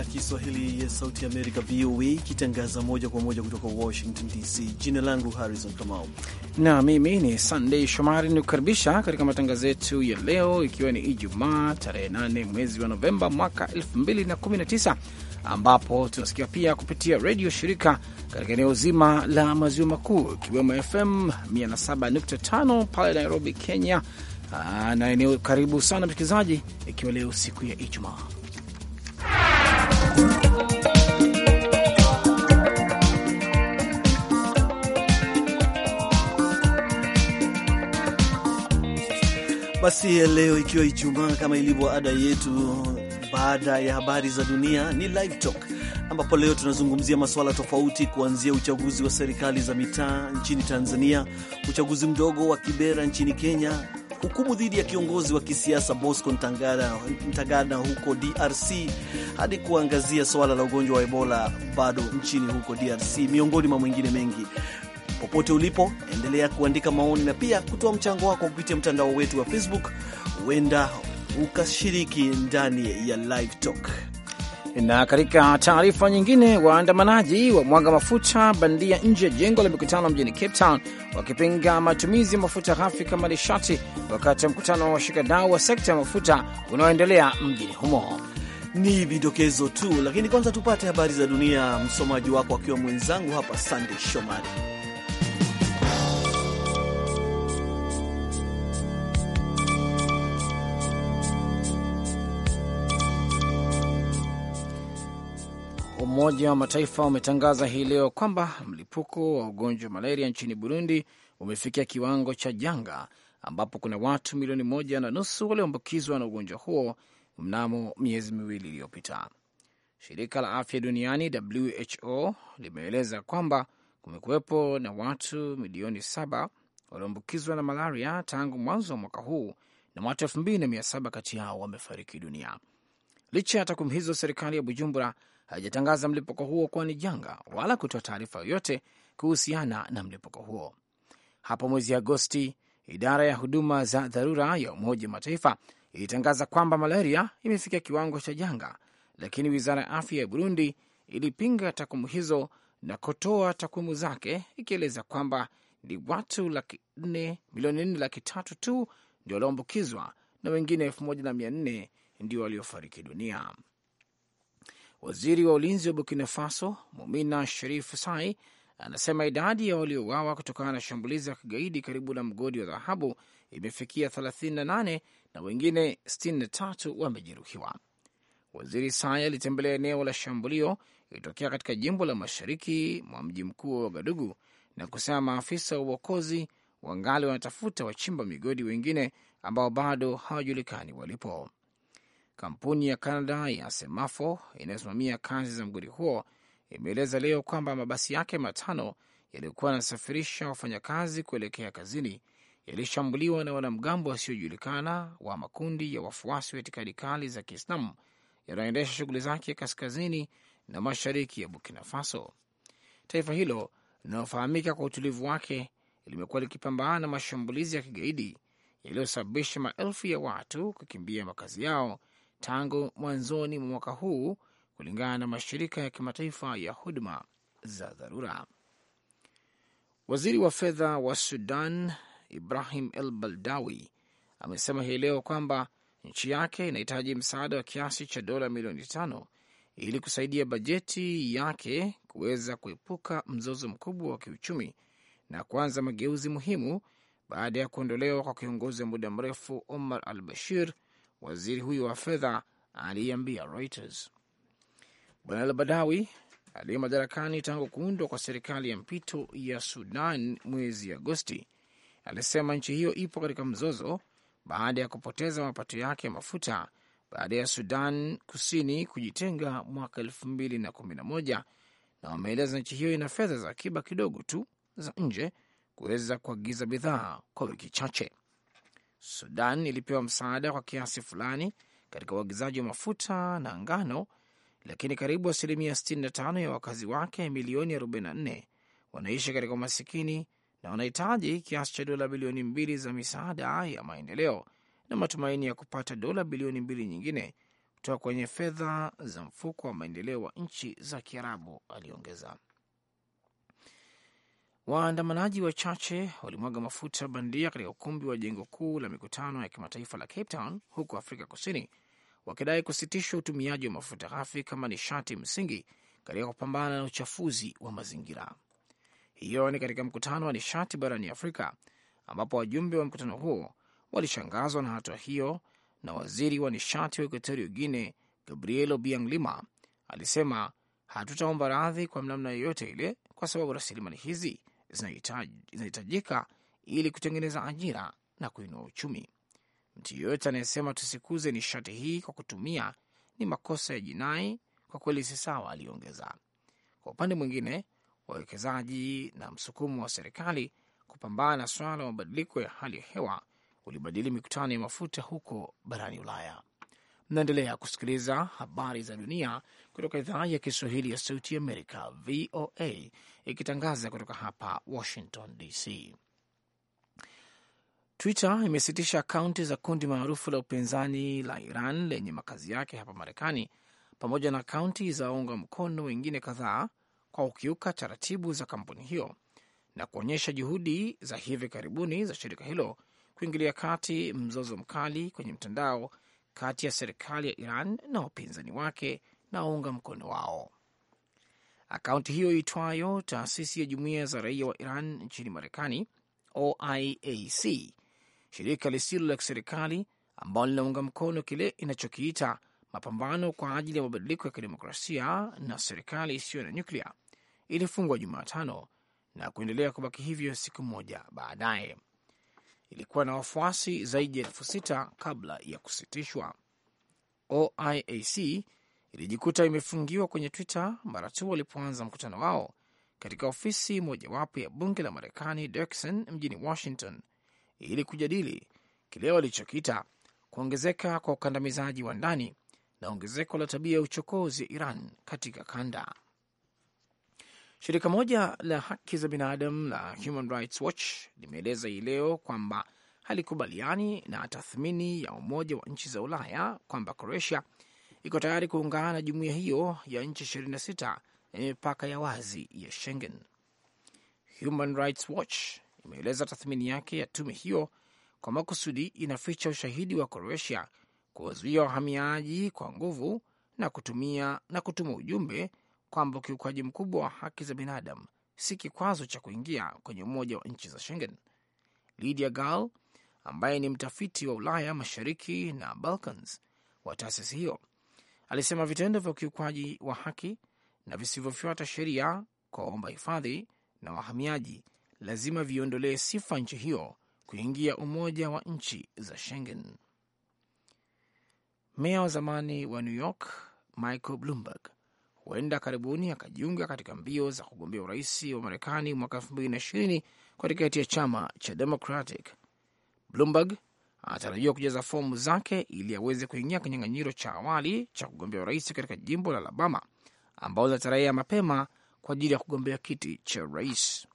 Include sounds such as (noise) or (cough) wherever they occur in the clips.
ya Kiswahili ya Sauti Amerika, VOA, ikitangaza moja kwa moja kutoka Washington DC. Jina langu Harrison Kamau na mimi ni sandey Shomari, kukaribisha katika matangazo yetu ya leo, ikiwa ni Ijumaa tarehe 8 mwezi wa Novemba mwaka 2019 ambapo tunasikia pia kupitia redio shirika katika eneo zima la maziwa makuu ikiwemo FM 107.5 pale Nairobi, Kenya, na eneo karibu sana msikilizaji, ikiwa leo siku ya Ijumaa. Basi leo ikiwa Ijumaa, kama ilivyo ada yetu, baada ya habari za dunia ni live talk, ambapo leo tunazungumzia masuala tofauti, kuanzia uchaguzi wa serikali za mitaa nchini Tanzania, uchaguzi mdogo wa Kibera nchini Kenya, hukumu dhidi ya kiongozi wa kisiasa Bosco Ntagana huko DRC hadi kuangazia suala la ugonjwa wa Ebola bado nchini huko DRC, miongoni mwa mwingine mengi. Popote ulipo, endelea kuandika maoni na pia kutoa mchango wako kupitia mtandao wetu wa Facebook. Huenda ukashiriki ndani ya live talk. Na katika taarifa nyingine, waandamanaji wa mwaga mafuta bandia nje ya jengo la mikutano mjini Cape Town wakipinga matumizi ya mafuta ghafi kama nishati wakati wa mkutano wa washikadau wa sekta ya mafuta unaoendelea mjini humo. Ni vidokezo tu, lakini kwanza tupate habari za dunia, msomaji wako akiwa mwenzangu hapa Sandey Shomari. Umoja wa Mataifa umetangaza hii leo kwamba mlipuko wa ugonjwa wa malaria nchini Burundi umefikia kiwango cha janga ambapo kuna watu milioni moja na nusu walioambukizwa na ugonjwa huo mnamo miezi miwili iliyopita. Shirika la afya duniani WHO limeeleza kwamba kumekuwepo na watu milioni saba walioambukizwa na malaria tangu mwanzo wa mwaka huu na watu elfu mbili na mia saba kati yao wamefariki dunia. Licha ya takwimu hizo, serikali ya Bujumbura haijatangaza mlipuko huo kuwa ni janga wala kutoa taarifa yoyote kuhusiana na mlipuko huo. Hapo mwezi Agosti, idara ya huduma za dharura ya Umoja wa Mataifa ilitangaza kwamba malaria imefikia kiwango cha janga, lakini wizara ya afya ya Burundi ilipinga takwimu hizo na kutoa takwimu zake ikieleza kwamba ni watu laki nne milioni nne laki tatu tu ndio walioambukizwa na wengine elfu moja na mia nne ndio waliofariki dunia. Waziri wa ulinzi wa Burkina Faso Mumina Sherif Sai anasema idadi ya waliouawa kutokana na shambulizi ya kigaidi karibu na mgodi wa dhahabu imefikia 38 na wengine 63 wamejeruhiwa. Waziri Sai alitembelea eneo la shambulio ilitokea katika jimbo la mashariki mwa mji mkuu wa Wagadugu na kusema maafisa wa uokozi wangali wanatafuta wachimba migodi wengine ambao bado hawajulikani walipo. Kampuni ya canada ya Semafo inayosimamia kazi za mgodi huo imeeleza leo kwamba mabasi yake matano yaliyokuwa yanasafirisha wafanyakazi kuelekea kazini yalishambuliwa na wanamgambo wasiojulikana wa makundi ya wafuasi wa itikadi kali za Kiislamu yanayoendesha shughuli zake kaskazini na mashariki ya Burkina Faso. Taifa hilo linalofahamika kwa utulivu wake limekuwa likipambana na mashambulizi ya kigaidi yaliyosababisha maelfu ya watu kukimbia makazi yao tangu mwanzoni mwa mwaka huu, kulingana na mashirika ya kimataifa ya huduma za dharura. Waziri wa fedha wa Sudan Ibrahim El Baldawi amesema hii leo kwamba nchi yake inahitaji msaada wa kiasi cha dola milioni tano ili kusaidia bajeti yake kuweza kuepuka mzozo mkubwa wa kiuchumi na kuanza mageuzi muhimu baada ya kuondolewa kwa kiongozi wa muda mrefu Omar Al Bashir waziri huyo wa fedha aliiambia Reuters. Bwana Albadawi aliye madarakani tangu kuundwa kwa serikali ya mpito ya Sudan mwezi Agosti alisema nchi hiyo ipo katika mzozo baada ya kupoteza mapato yake ya mafuta baada ya Sudan Kusini kujitenga mwaka elfu mbili na kumi na moja, na wameeleza nchi hiyo ina fedha za akiba kidogo tu za nje kuweza kuagiza bidhaa kwa wiki chache. Sudan ilipewa msaada kwa kiasi fulani katika uagizaji wa mafuta na ngano, lakini karibu asilimia 65 ya wakazi wake milioni 44 wanaishi katika umasikini na wanahitaji kiasi cha dola bilioni mbili za misaada ya maendeleo na matumaini ya kupata dola bilioni mbili nyingine kutoka kwenye fedha za mfuko wa maendeleo wa nchi za Kiarabu, aliongeza. Waandamanaji wachache walimwaga mafuta bandia katika ukumbi wa jengo kuu la mikutano ya kimataifa la Cape Town huko Afrika Kusini, wakidai kusitishwa utumiaji wa mafuta ghafi kama nishati msingi katika kupambana na uchafuzi wa mazingira. Hiyo ni katika mkutano wa nishati barani Afrika, ambapo wajumbe wa mkutano huo walishangazwa na hatua hiyo, na waziri wa nishati wa Ekuatorio Guine gabrielo biang Lima alisema, hatutaomba radhi kwa namna yoyote ile, kwa sababu rasilimali hizi zinahitajika ili kutengeneza ajira na kuinua uchumi. Mtu yeyote anayesema tusikuze nishati hii kwa kutumia ni makosa ya jinai, kwa kweli si sawa, aliongeza. Kwa upande mwingine, wawekezaji na msukumo wa serikali kupambana na swala la mabadiliko ya hali ya hewa ulibadili mikutano ya mafuta huko barani Ulaya naendelea kusikiliza habari za dunia kutoka idhaa ya Kiswahili ya Sauti Amerika, VOA, ikitangaza kutoka hapa Washington DC. Twitter imesitisha akaunti za kundi maarufu la upinzani la Iran lenye makazi yake hapa Marekani, pamoja na akaunti za waunga mkono wengine kadhaa kwa kukiuka taratibu za kampuni hiyo na kuonyesha juhudi za hivi karibuni za shirika hilo kuingilia kati mzozo mkali kwenye mtandao kati ya serikali ya Iran na wapinzani wake na waunga mkono wao. Akaunti hiyo itwayo Taasisi ya Jumuiya za Raia wa Iran nchini Marekani, OIAC, shirika lisilo la kiserikali ambalo linaunga mkono kile inachokiita mapambano kwa ajili ya mabadiliko ya kidemokrasia na serikali isiyo na nyuklia, ilifungwa Jumatano na kuendelea kubaki hivyo siku moja baadaye ilikuwa na wafuasi zaidi ya elfu sita kabla ya kusitishwa. OIAC ilijikuta imefungiwa kwenye Twitter mara tu walipoanza mkutano wao katika ofisi mojawapo ya bunge la Marekani Dirksen mjini Washington ili kujadili kile walichokita kuongezeka kwa ukandamizaji wa ndani na ongezeko la tabia ya uchokozi ya Iran katika kanda. Shirika moja la haki za binadamu la Human Rights Watch limeeleza hii leo kwamba halikubaliani na tathmini ya Umoja wa Nchi za Ulaya kwamba Croatia iko tayari kuungana na jumuiya hiyo ya nchi 26 yenye mipaka ya wazi ya Schengen. Human Rights Watch imeeleza tathmini yake ya tume hiyo kwa makusudi inaficha ushahidi wa Croatia kuwazuia wahamiaji kwa nguvu na kutumia na kutuma ujumbe kwamba ukiukwaji mkubwa wa haki za binadamu si kikwazo cha kuingia kwenye umoja wa nchi za Schengen. Lydia Gall ambaye ni mtafiti wa Ulaya Mashariki na Balkans wa taasisi hiyo alisema vitendo vya ukiukwaji wa haki na visivyofuata sheria kwa waomba hifadhi na wahamiaji lazima viondolee sifa nchi hiyo kuingia umoja wa nchi za Schengen. Meya wa zamani wa New York Michael Bloomberg huenda karibuni akajiunga katika mbio za kugombea urais wa Marekani mwaka elfu mbili na ishirini kwa tiketi ya chama cha Democratic. Bloomberg anatarajiwa kujaza fomu zake ili aweze kuingia kinyang'anyiro cha awali cha kugombea urais katika jimbo la Alabama ambao zinatarajia mapema kwa ajili ya kugombea kiti cha rais.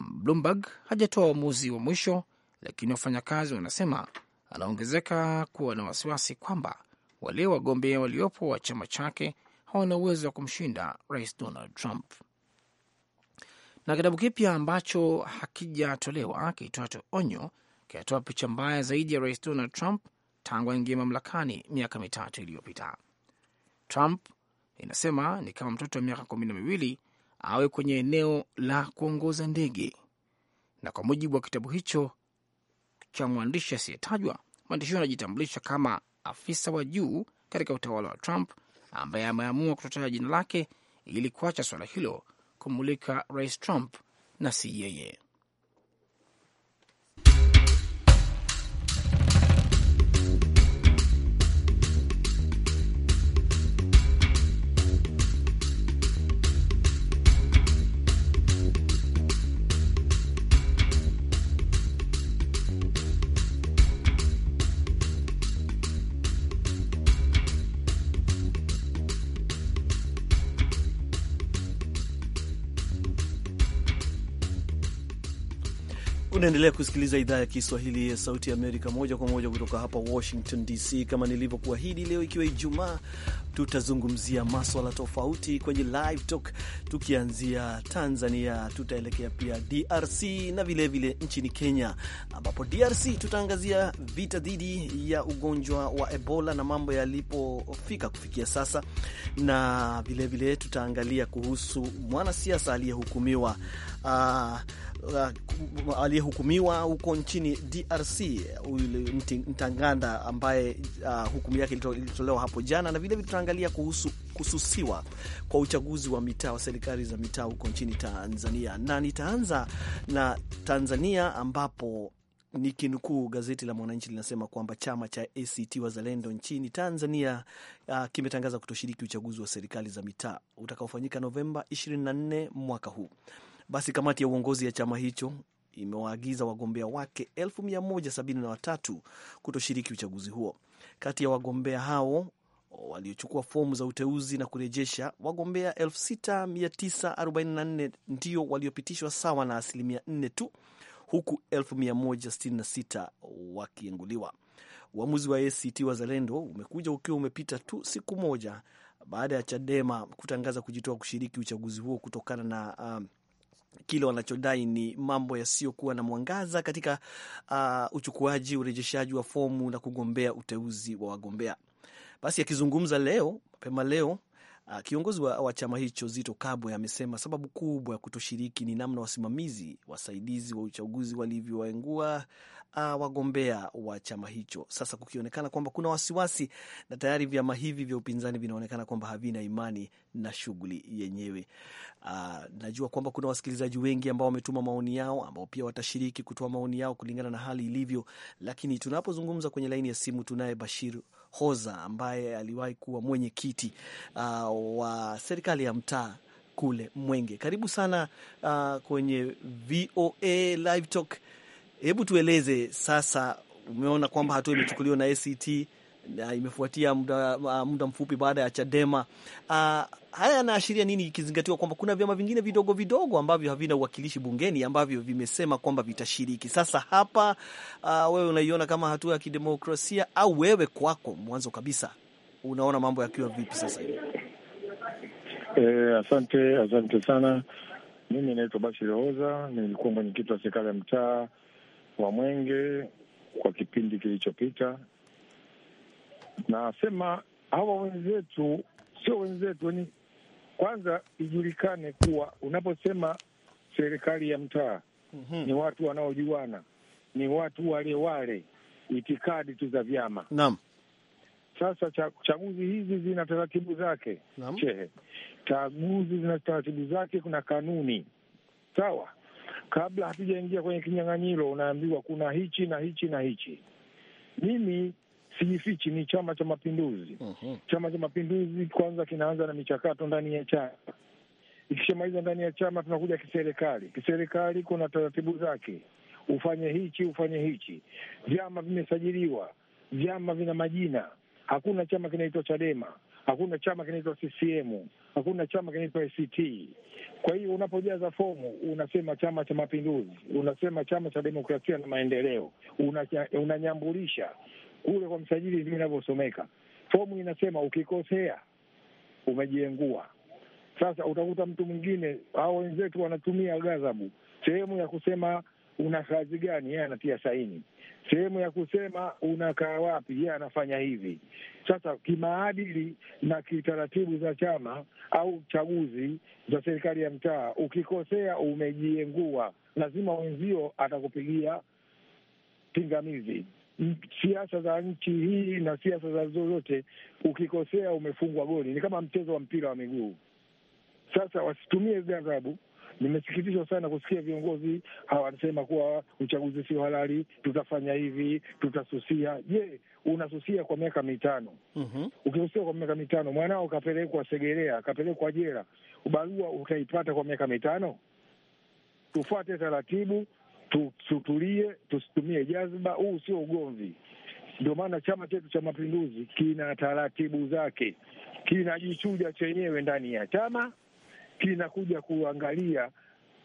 Bloomberg hajatoa uamuzi wa mwisho, lakini wafanyakazi wanasema anaongezeka kuwa na wasiwasi kwamba wale wagombea waliopo wa chama chake hawana uwezo wa kumshinda Rais Donald Trump. Na kitabu kipya ambacho hakijatolewa kiitwacho Onyo kinatoa picha mbaya zaidi ya Rais Donald Trump tangu aingie mamlakani miaka mitatu iliyopita. Trump inasema ni kama mtoto wa miaka kumi na miwili awe kwenye eneo la kuongoza ndege. Na kwa mujibu wa kitabu hicho cha mwandishi asiyetajwa, mwandishi huyo anajitambulisha kama afisa wa juu katika utawala wa Trump ambaye ameamua kutotaja jina lake ili kuacha suala hilo kumulika Rais Trump na si yeye. Unaendelea kusikiliza idhaa ya Kiswahili ya Sauti ya Amerika moja kwa moja kutoka hapa Washington DC. Kama nilivyokuahidi, leo ikiwa Ijumaa, tutazungumzia maswala tofauti kwenye Live Talk, tukianzia Tanzania, tutaelekea pia DRC na vilevile vile nchini Kenya, ambapo DRC tutaangazia vita dhidi ya ugonjwa wa Ebola na mambo yalipofika kufikia sasa, na vilevile vile tutaangalia kuhusu mwanasiasa aliyehukumiwa uh, uh, aliyehukumiwa huko nchini DRC Mtanganda ambaye uh, hukumu yake ilitolewa hapo jana, na vilevile tutaangalia kuhusu kususiwa kwa uchaguzi wa mitaa wa serikali za mitaa huko nchini Tanzania, na nitaanza na Tanzania ambapo nikinukuu gazeti la Mwananchi linasema kwamba chama cha ACT Wazalendo nchini Tanzania uh, kimetangaza kutoshiriki uchaguzi wa serikali za mitaa utakaofanyika Novemba 24 mwaka huu. Basi kamati ya uongozi ya chama hicho imewaagiza wagombea wake 173 kutoshiriki uchaguzi huo. Kati ya wagombea hao waliochukua fomu za uteuzi na kurejesha, wagombea 6944 ndio waliopitishwa sawa na asilimia 4 tu, huku 166 wakienguliwa. Uamuzi wa ACT Wazalendo umekuja ukiwa umepita tu siku moja baada ya Chadema kutangaza kujitoa kushiriki uchaguzi huo kutokana na um, kile wanachodai ni mambo yasiyokuwa na mwangaza katika uh, uchukuaji, urejeshaji wa fomu na kugombea uteuzi wa wagombea. Basi akizungumza leo mapema leo uh, kiongozi wa, wa chama hicho Zito Kabwe amesema sababu kubwa ya kutoshiriki ni namna wasimamizi wasaidizi wa uchaguzi walivyowaengua uh, wagombea wa chama hicho, sasa kukionekana kwamba kuna wasiwasi na tayari vyama hivi vya upinzani vinaonekana kwamba havina imani na shughuli yenyewe. Uh, najua kwamba kuna wasikilizaji wengi ambao wametuma maoni yao ambao pia watashiriki kutoa maoni yao kulingana na hali ilivyo, lakini tunapozungumza kwenye laini ya simu tunaye Bashir Hoza ambaye aliwahi kuwa mwenyekiti uh, wa serikali ya mtaa kule Mwenge. Karibu sana uh, kwenye VOA Live Talk Hebu tueleze sasa, umeona kwamba hatua imechukuliwa na ACT na imefuatia muda, muda mfupi baada ya Chadema. Uh, haya yanaashiria nini, ikizingatiwa kwamba kuna vyama vingine vidogo vidogo ambavyo havina uwakilishi bungeni ambavyo vimesema kwamba vitashiriki? Sasa hapa, uh, wewe unaiona kama hatua ya kidemokrasia au wewe kwako mwanzo kabisa unaona mambo yakiwa vipi sasa hivi? Eh, asante asante sana. Mimi naitwa Bashiri Oza, nilikuwa mwenyekiti wa serikali ya mtaa wa mwenge kwa kipindi kilichopita. Nasema hawa wenzetu sio wenzetu, ni kwanza ijulikane kuwa unaposema serikali ya mtaa mm -hmm. ni watu wanaojuana, ni watu wale wale, itikadi tu za vyama. Naam. Sasa chaguzi hizi zina taratibu zake. Chehe, chaguzi zina taratibu zake, kuna kanuni sawa Kabla hatujaingia kwenye kinyang'anyiro, unaambiwa kuna hichi na hichi na hichi. Mimi sijifichi, ni Chama cha Mapinduzi. Uh-huh. Chama cha Mapinduzi kwanza kinaanza na michakato ndani ya chama. Ikishamaliza ndani ya chama, tunakuja kiserikali. Kiserikali kuna taratibu zake, ufanye hichi, ufanye hichi. Vyama vimesajiliwa, vyama vina majina. Hakuna chama kinaitwa Chadema hakuna chama kinaitwa CCM, hakuna chama kinaitwa ACT. Kwa hiyo unapojaza fomu unasema Chama cha Mapinduzi, unasema Chama cha Demokrasia na Maendeleo, unanyambulisha kule kwa msajili, ndio inavyosomeka fomu. Inasema ukikosea umejiengua. Sasa utakuta mtu mwingine au wenzetu wanatumia ghadhabu sehemu ya kusema una kazi gani, yeye anatia saini. Sehemu ya kusema unakaa wapi, yeye anafanya hivi. Sasa kimaadili na kitaratibu za chama au chaguzi za serikali ya mtaa, ukikosea umejiengua, lazima wenzio atakupigia pingamizi. Siasa za nchi hii na siasa za zozote, ukikosea umefungwa goli. Ni kama mchezo wa mpira wa miguu. Sasa wasitumie ghadhabu Nimesikitishwa sana kusikia viongozi hawasema kuwa uchaguzi sio halali, tutafanya hivi, tutasusia. Je, unasusia kwa miaka mitano? mm -hmm. Ukisusia kwa miaka mitano, mwanao kapelekwa Segerea, kapelekwa jela, barua utaipata kwa miaka mitano? Tufuate taratibu, tutulie, tusitumie jazba. Huu sio ugomvi. Ndio maana chama chetu cha Mapinduzi kina taratibu zake, kinajichuja chenyewe ndani ya chama kinakuja kuangalia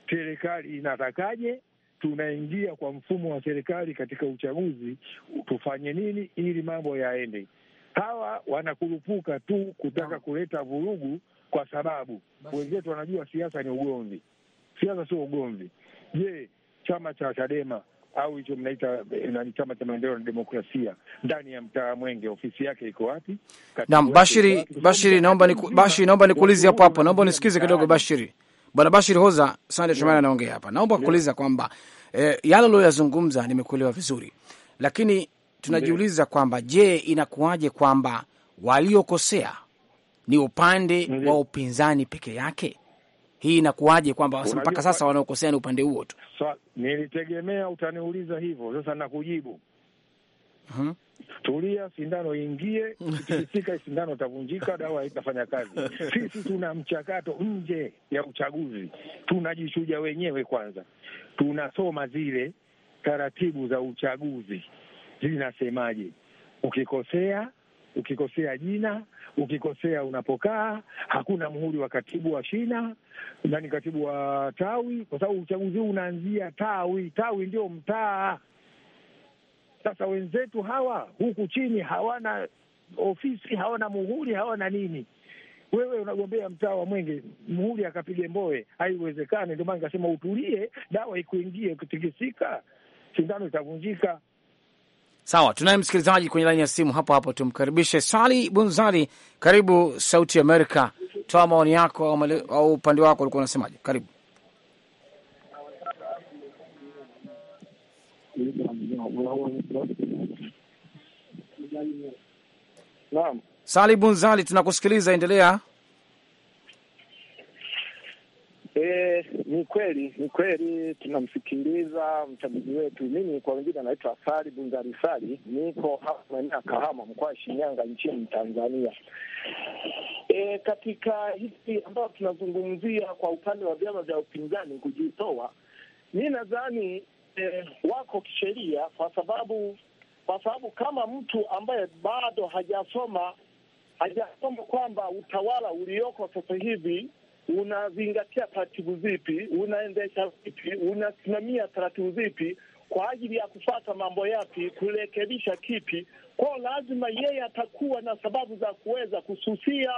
serikali inatakaje, tunaingia kwa mfumo wa serikali katika uchaguzi, tufanye nini ili mambo yaende. Hawa wanakurupuka tu kutaka kuleta vurugu, kwa sababu wenzetu wanajua siasa ni ugomvi. Siasa sio ugomvi. Je, chama cha Chadema au hicho mnaita eh, nani, chama cha maendeleo na demokrasia ndani ya mtaa Mwenge, ofisi yake iko wapi? Naam, Bashiri, Bashiri, naomba ni Bashiri, naomba nikuulize hapo hapo, naomba unisikize kidogo Bashiri. Bwana Bashir Hoza Sande Shumana anaongea hapa, naomba kuuliza kwamba e, yale ulioyazungumza nimekuelewa vizuri, lakini tunajiuliza kwamba je, inakuwaje kwamba waliokosea ni upande wa upinzani peke yake? hii inakuwaje kwamba mpaka sasa wanaokosea ni upande huo tu? So, nilitegemea utaniuliza hivyo, sasa nakujibu. Hmm. Tulia, sindano ingie, (laughs) ikitikisika sindano itavunjika, dawa haitafanya kazi. (laughs) Sisi tuna mchakato nje ya uchaguzi, tunajishuja wenyewe kwanza, tunasoma zile taratibu za uchaguzi zinasemaje, ukikosea ukikosea jina, ukikosea unapokaa, hakuna muhuri wa katibu wa shina na ni katibu wa tawi, kwa sababu uchaguzi huu unaanzia tawi. Tawi ndio mtaa. Sasa wenzetu hawa huku chini hawana ofisi, hawana muhuri, hawana nini. Wewe unagombea mtaa wa Mwenge, muhuri akapige mboe haiwezekani. Ndio maana nikasema utulie, dawa ikuingie, ukitikisika sindano itavunjika. Sawa, tunaye msikilizaji kwenye laini ya simu hapo hapo, tumkaribishe Sali Bunzali. Karibu Sauti Amerika, toa maoni yako au upande wako ulikuwa unasemaje? Karibu. Naam, Sali Bunzali, tunakusikiliza, endelea. ni kweli ni kweli tunamsikiliza mchambuzi wetu. Mimi kwa wengine anaitwa Sari Sari, niko hapa maeneo ya Kahama, mkoa wa Shinyanga, nchini Tanzania. E, katika hii ambayo tunazungumzia kwa upande wa vyama vya upinzani kujitoa, mi nadhani e, wako kisheria, kwa sababu kwa sababu kama mtu ambaye bado hajasoma hajasoma kwamba utawala ulioko sasa hivi unazingatia taratibu zipi, unaendesha vipi, unasimamia taratibu zipi kwa ajili ya kufata mambo yapi, kurekebisha kipi kwao. Lazima yeye atakuwa na sababu za kuweza kususia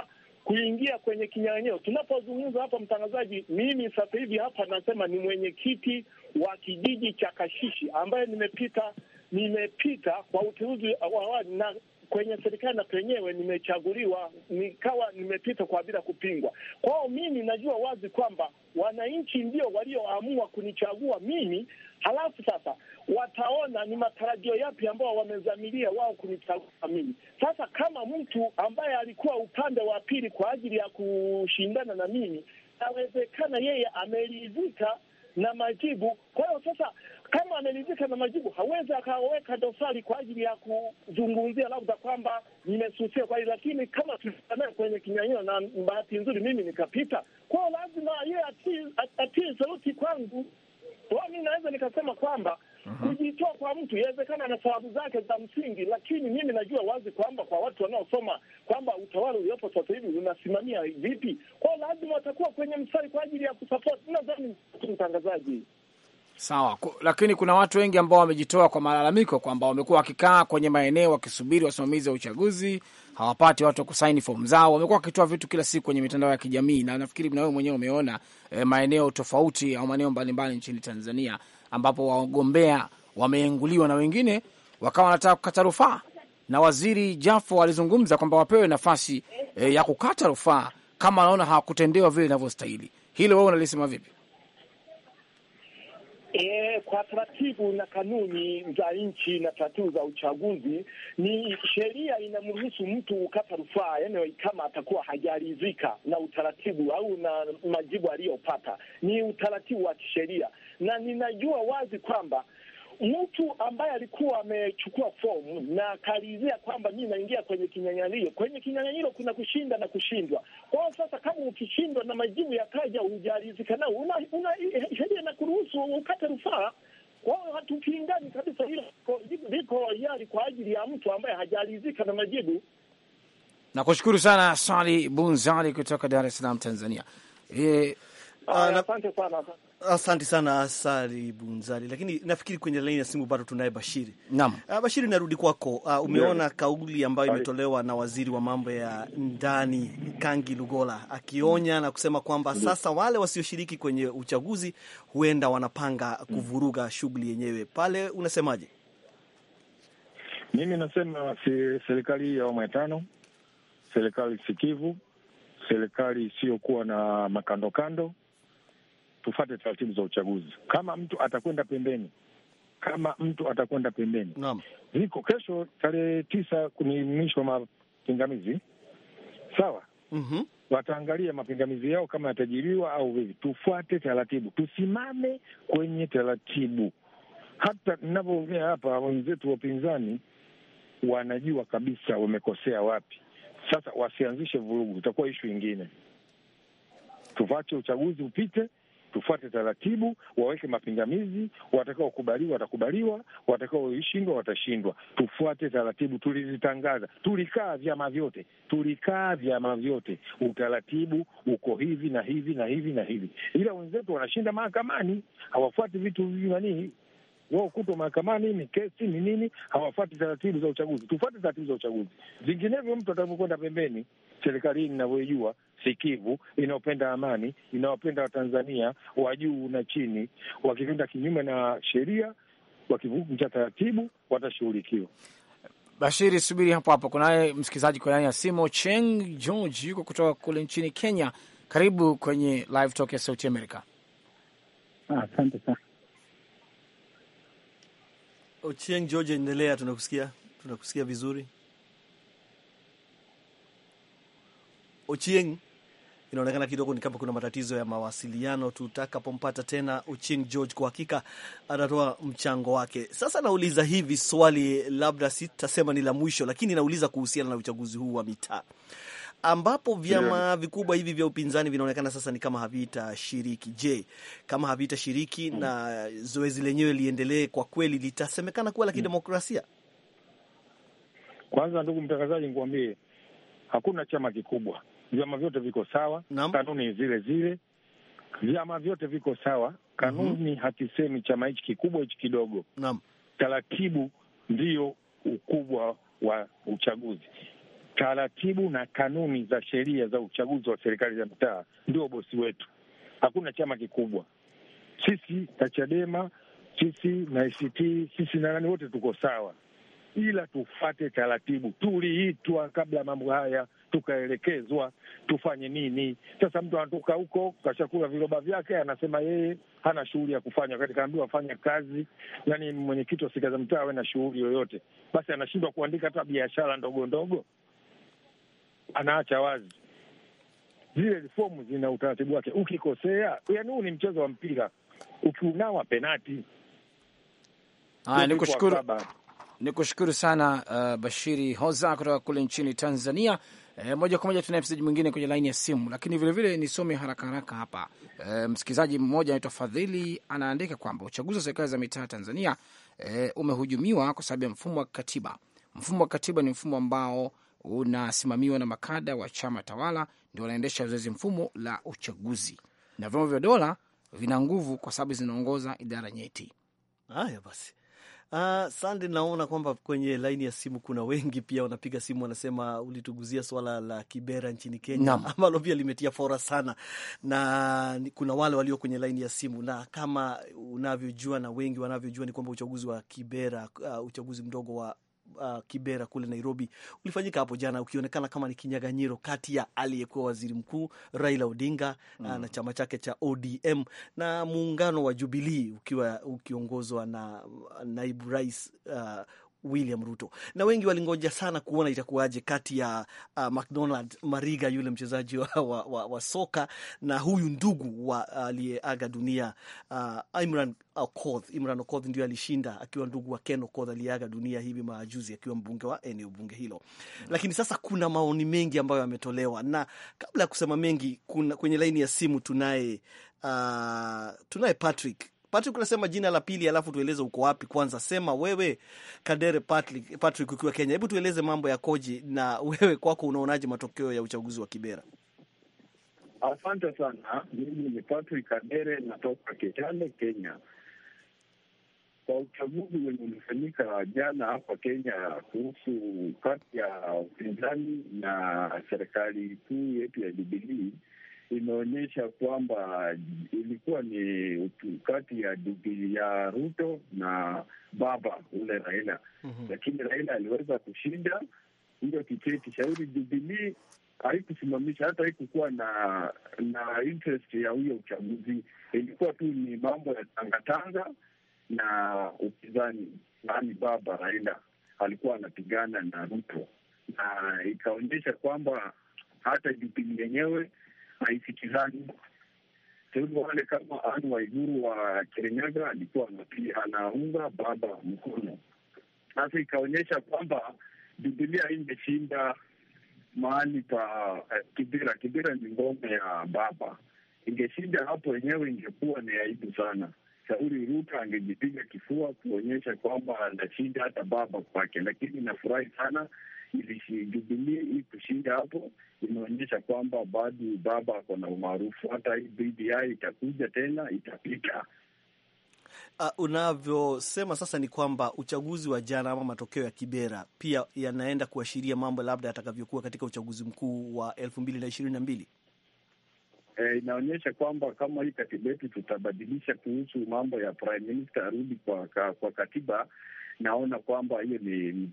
kuingia kwenye kinyang'anyiro. Tunapozungumza hapa, mtangazaji, mimi sasa hivi hapa nasema ni mwenyekiti wa kijiji cha Kashishi ambaye nimepita nimepita kwa uteuzi wa awali na kwenye serikali na penyewe nimechaguliwa nikawa nimepita kwa bila kupingwa. Kwao mimi najua wazi kwamba wananchi ndio walioamua kunichagua mimi, halafu sasa wataona ni matarajio yapi ambao wamezamilia wao kunichagua mimi. Sasa kama mtu ambaye alikuwa upande wa pili kwa ajili ya kushindana na mimi, nawezekana yeye ameridhika na majibu. Kwa hiyo sasa kama ameridhika na majibu, hawezi akaweka dosari kwa ajili ya kuzungumzia labda kwamba nimesusia kwa hili, lakini kama tunaye kwenye kinyang'anyiro na bahati nzuri mimi nikapita kwao, lazima yeye atie sauti kwangu. Mi naweza nikasema kwamba mhm. kujitoa kwa mtu yawezekana na sababu zake za msingi, lakini mimi najua wazi kwamba kwa watu wanaosoma kwamba utawala uliopo sasa hivi unasimamia vipi kwao, lazima watakuwa kwenye mstari kwa ajili ya kusapoti. Nadhani mtangazaji Sawa, lakini kuna watu wengi ambao wamejitoa kwa malalamiko kwamba wamekuwa wakikaa kwenye maeneo wakisubiri wasimamizi wa uchaguzi, hawapati watu wa kusaini fomu zao. Wamekuwa wakitoa vitu kila siku kwenye mitandao ya kijamii, na nafikiri na wewe mwenyewe umeona e, maeneo tofauti au maeneo mbalimbali nchini Tanzania ambapo wagombea wameenguliwa na wengine wakawa wanataka kukata rufaa, na waziri Jafo alizungumza kwamba wapewe nafasi e, ya kukata rufaa kama wanaona hawakutendewa vile inavyostahili. Hilo wewe unalisema vipi? E, kwa taratibu na kanuni za nchi na taratibu za uchaguzi, ni sheria inamruhusu mtu kukata rufaa, yani kama atakuwa hajaridhika na utaratibu au na majibu aliyopata, ni utaratibu wa kisheria, na ninajua wazi kwamba mtu ambaye alikuwa amechukua fomu na akalizia kwamba mii naingia kwenye kinyang'anyiro. Kwenye kinyang'anyiro kuna kushinda na kushindwa. Kwa hiyo sasa, kama ukishindwa na majibu yakaja hujalizika nao, una, una sheria na kuruhusu ukate rufaa. Kwa hiyo hatupingani kabisa, hilo liko hiari kwa ajili ya mtu ambaye hajaalizika na majibu. Nakushukuru sana Sali Bunzali kutoka Dar es Salaam, Tanzania. E, asante sana. Asante sana Asari Bunzali, lakini nafikiri kwenye laini ya simu bado tunaye Bashiri. Naam, ah, Bashiri, narudi kwako. Uh, umeona yeah, kauli ambayo imetolewa na waziri wa mambo ya ndani Kangi Lugola akionya na kusema kwamba sasa wale wasioshiriki kwenye uchaguzi huenda wanapanga kuvuruga shughuli yenyewe pale. Unasemaje? Mimi nasema si serikali hii ya awamu ya tano, serikali sikivu, serikali isiyokuwa na makandokando tufate taratibu za uchaguzi. Kama mtu atakwenda pembeni, kama mtu atakwenda pembeni, naam, ziko kesho tarehe tisa ni mwisho wa mapingamizi, sawa. mm -hmm. Wataangalia mapingamizi yao kama yatajiriwa au vivi. Tufuate taratibu, tusimame kwenye taratibu. Hata ninavyoongea hapa, wenzetu wapinzani wanajua kabisa wamekosea wapi. Sasa wasianzishe vurugu, itakuwa ishu ingine. Tuvache uchaguzi upite tufuate taratibu, waweke mapingamizi, watakaokubaliwa watakubaliwa, watakaoshindwa watashindwa. Tufuate taratibu tulizitangaza, tulikaa vyama vyote, tulikaa vyama vyote, utaratibu uko hivi na hivi na hivi na hivi, ila wenzetu wanashinda mahakamani, hawafuati vitu hivi nanii wao kutwa mahakamani, ni kesi ni nini, hawafati taratibu za uchaguzi. Tufate taratibu za uchaguzi, vinginevyo mtu atakapokwenda pembeni, serikali hii inavyoijua sikivu, inaopenda amani, inaopenda Watanzania wa juu na chini, wakikenda kinyume na sheria, wakivunja taratibu, watashughulikiwa. Bashiri, subiri hapo hapo, kunaye msikilizaji kwa ndani ya simu. Cheng George yuko kutoka kule nchini Kenya. Karibu kwenye Live Talk ya Sauti Amerika. Asante ah, sana Ochieng George, endelea, tunakusikia, tunakusikia vizuri. Ochieng, inaonekana kidogo ni kama kuna matatizo ya mawasiliano. Tutakapompata tena Ochieng George, kwa hakika atatoa mchango wake. Sasa nauliza hivi swali, labda sitasema ni la mwisho, lakini nauliza kuhusiana na uchaguzi huu wa mitaa ambapo vyama yeah, vikubwa hivi vya upinzani vinaonekana sasa ni kama havitashiriki. Je, kama havitashiriki mm, na zoezi lenyewe liendelee, kwa kweli litasemekana kuwa la hmm. kidemokrasia? Kwanza ndugu mtangazaji, nikuambie hakuna chama kikubwa, vyama vyote viko sawa Kanuni zile zile, vyama vyote viko sawa. Kanuni mm -hmm. hakisemi chama hichi kikubwa hichi kidogo Naam. Taratibu ndiyo ukubwa wa uchaguzi taratibu na kanuni za sheria za uchaguzi wa serikali za mitaa, ndio bosi wetu. Hakuna chama kikubwa, sisi na Chadema, sisi na ACT, sisi na nani, wote tuko sawa, ila tufate taratibu. Tuliitwa kabla ya mambo haya, tukaelekezwa tufanye nini. Sasa mtu anatoka huko kashakula viroba vyake, anasema yeye hana shughuli ya kufanya, wakati kaambiwa afanya kazi, yani mwenyekiti wa serikali za mtaa awe na shughuli yoyote, basi anashindwa kuandika hata biashara ndogo ndogo anaacha wazi zile fomu zina utaratibu wake. Ukikosea, yaani huu ni mchezo wa mpira, ukiunawa penati. Haya, ni kushukuru sana uh, Bashiri Hoza kutoka kule nchini Tanzania. E, moja kwa moja tunaye msikilizaji mwingine kwenye laini ya simu, lakini vilevile nisome haraka haraka hapa. E, msikilizaji mmoja anaitwa Fadhili anaandika kwamba uchaguzi wa serikali za mitaa Tanzania e, umehujumiwa kwa sababu ya mfumo wa katiba. Mfumo wa katiba ni mfumo ambao unasimamiwa na makada wa chama tawala, ndio wanaendesha zoezi mfumo la uchaguzi, na vyombo vya dola vina nguvu kwa sababu zinaongoza idara nyeti. Haya basi. Uh, Sande, naona kwamba kwenye laini ya simu kuna wengi pia wanapiga simu, wanasema ulituguzia swala la Kibera nchini Kenya ambalo pia limetia fora sana, na kuna wale walio kwenye laini ya simu, na kama unavyojua na wengi wanavyojua ni kwamba uchaguzi wa Kibera, uh, uchaguzi mdogo wa uh, Kibera kule Nairobi ulifanyika hapo jana, ukionekana kama ni kinyaganyiro kati ya aliyekuwa waziri mkuu Raila Odinga uh, mm. na chama chake cha ODM na muungano wa jubilii ukiwa ukiongozwa na naibu rais uh, William Ruto, na wengi walingoja sana kuona itakuwaje kati ya uh, McDonald Mariga yule mchezaji wa, wa, wa, wa soka na huyu ndugu uh, aliyeaga dunia uh, Imran Okoth. Imran Okoth ndio alishinda akiwa ndugu wa Ken Okoth aliyeaga dunia hivi majuzi akiwa mbunge wa eneo bunge hilo mm. Lakini sasa kuna maoni mengi ambayo yametolewa, na kabla ya kusema mengi, kuna, kwenye laini ya simu tunaye uh, tunaye Patrick Patrick, unasema jina la pili, alafu tueleze uko wapi. Kwanza sema wewe, Kadere Patrick, Patrick ukiwa Kenya, hebu tueleze mambo ya koji na (laughs) wewe kwako, unaonaje matokeo ya uchaguzi wa Kibera? Asante sana. Mimi ni Patrick Kadere, natoka Kitale, Kenya. Kwa uchaguzi wenye ulifanyika jana hapa Kenya kuhusu kati ya upinzani na serikali kuu yetu ya Jubilii imeonyesha kwamba ilikuwa ni kati ya dubi ya Ruto na baba ule Raila mm -hmm. Lakini Raila aliweza kushinda hiyo tiketi, shauri Jubilii haikusimamisha hata haikukuwa na na interest ya huyo uchaguzi, ilikuwa tu ni mambo ya tangatanga na upinzani, yaani baba Raila alikuwa anapigana na Ruto na ikaonyesha kwamba hata Jubilii yenyewe haisikizani. Hivyo wale kama Anne Waiguru wa Kirinyaga alikuwa anaunga baba mkono, sasa ikaonyesha kwamba Bibilia ingeshinda mahali pa eh, Kibira. Kibira ni ngome ya baba, ingeshinda hapo yenyewe ingekuwa ni aibu sana. Shauri Ruta angejipiga kifua kuonyesha kwamba anashinda hata baba kwake, lakini nafurahi sana hii kushinda hapo imeonyesha kwamba bado baba ako na umaarufu, hata hii BBI itakuja tena itapita. Uh, unavyosema sasa ni kwamba uchaguzi wa jana ama matokeo ya Kibera pia yanaenda kuashiria mambo labda yatakavyokuwa katika uchaguzi mkuu wa elfu mbili na ishirini na mbili. E, inaonyesha kwamba kama hii katiba yetu tutabadilisha kuhusu mambo ya prime minister arudi kwa, kwa katiba naona kwamba hiyo ni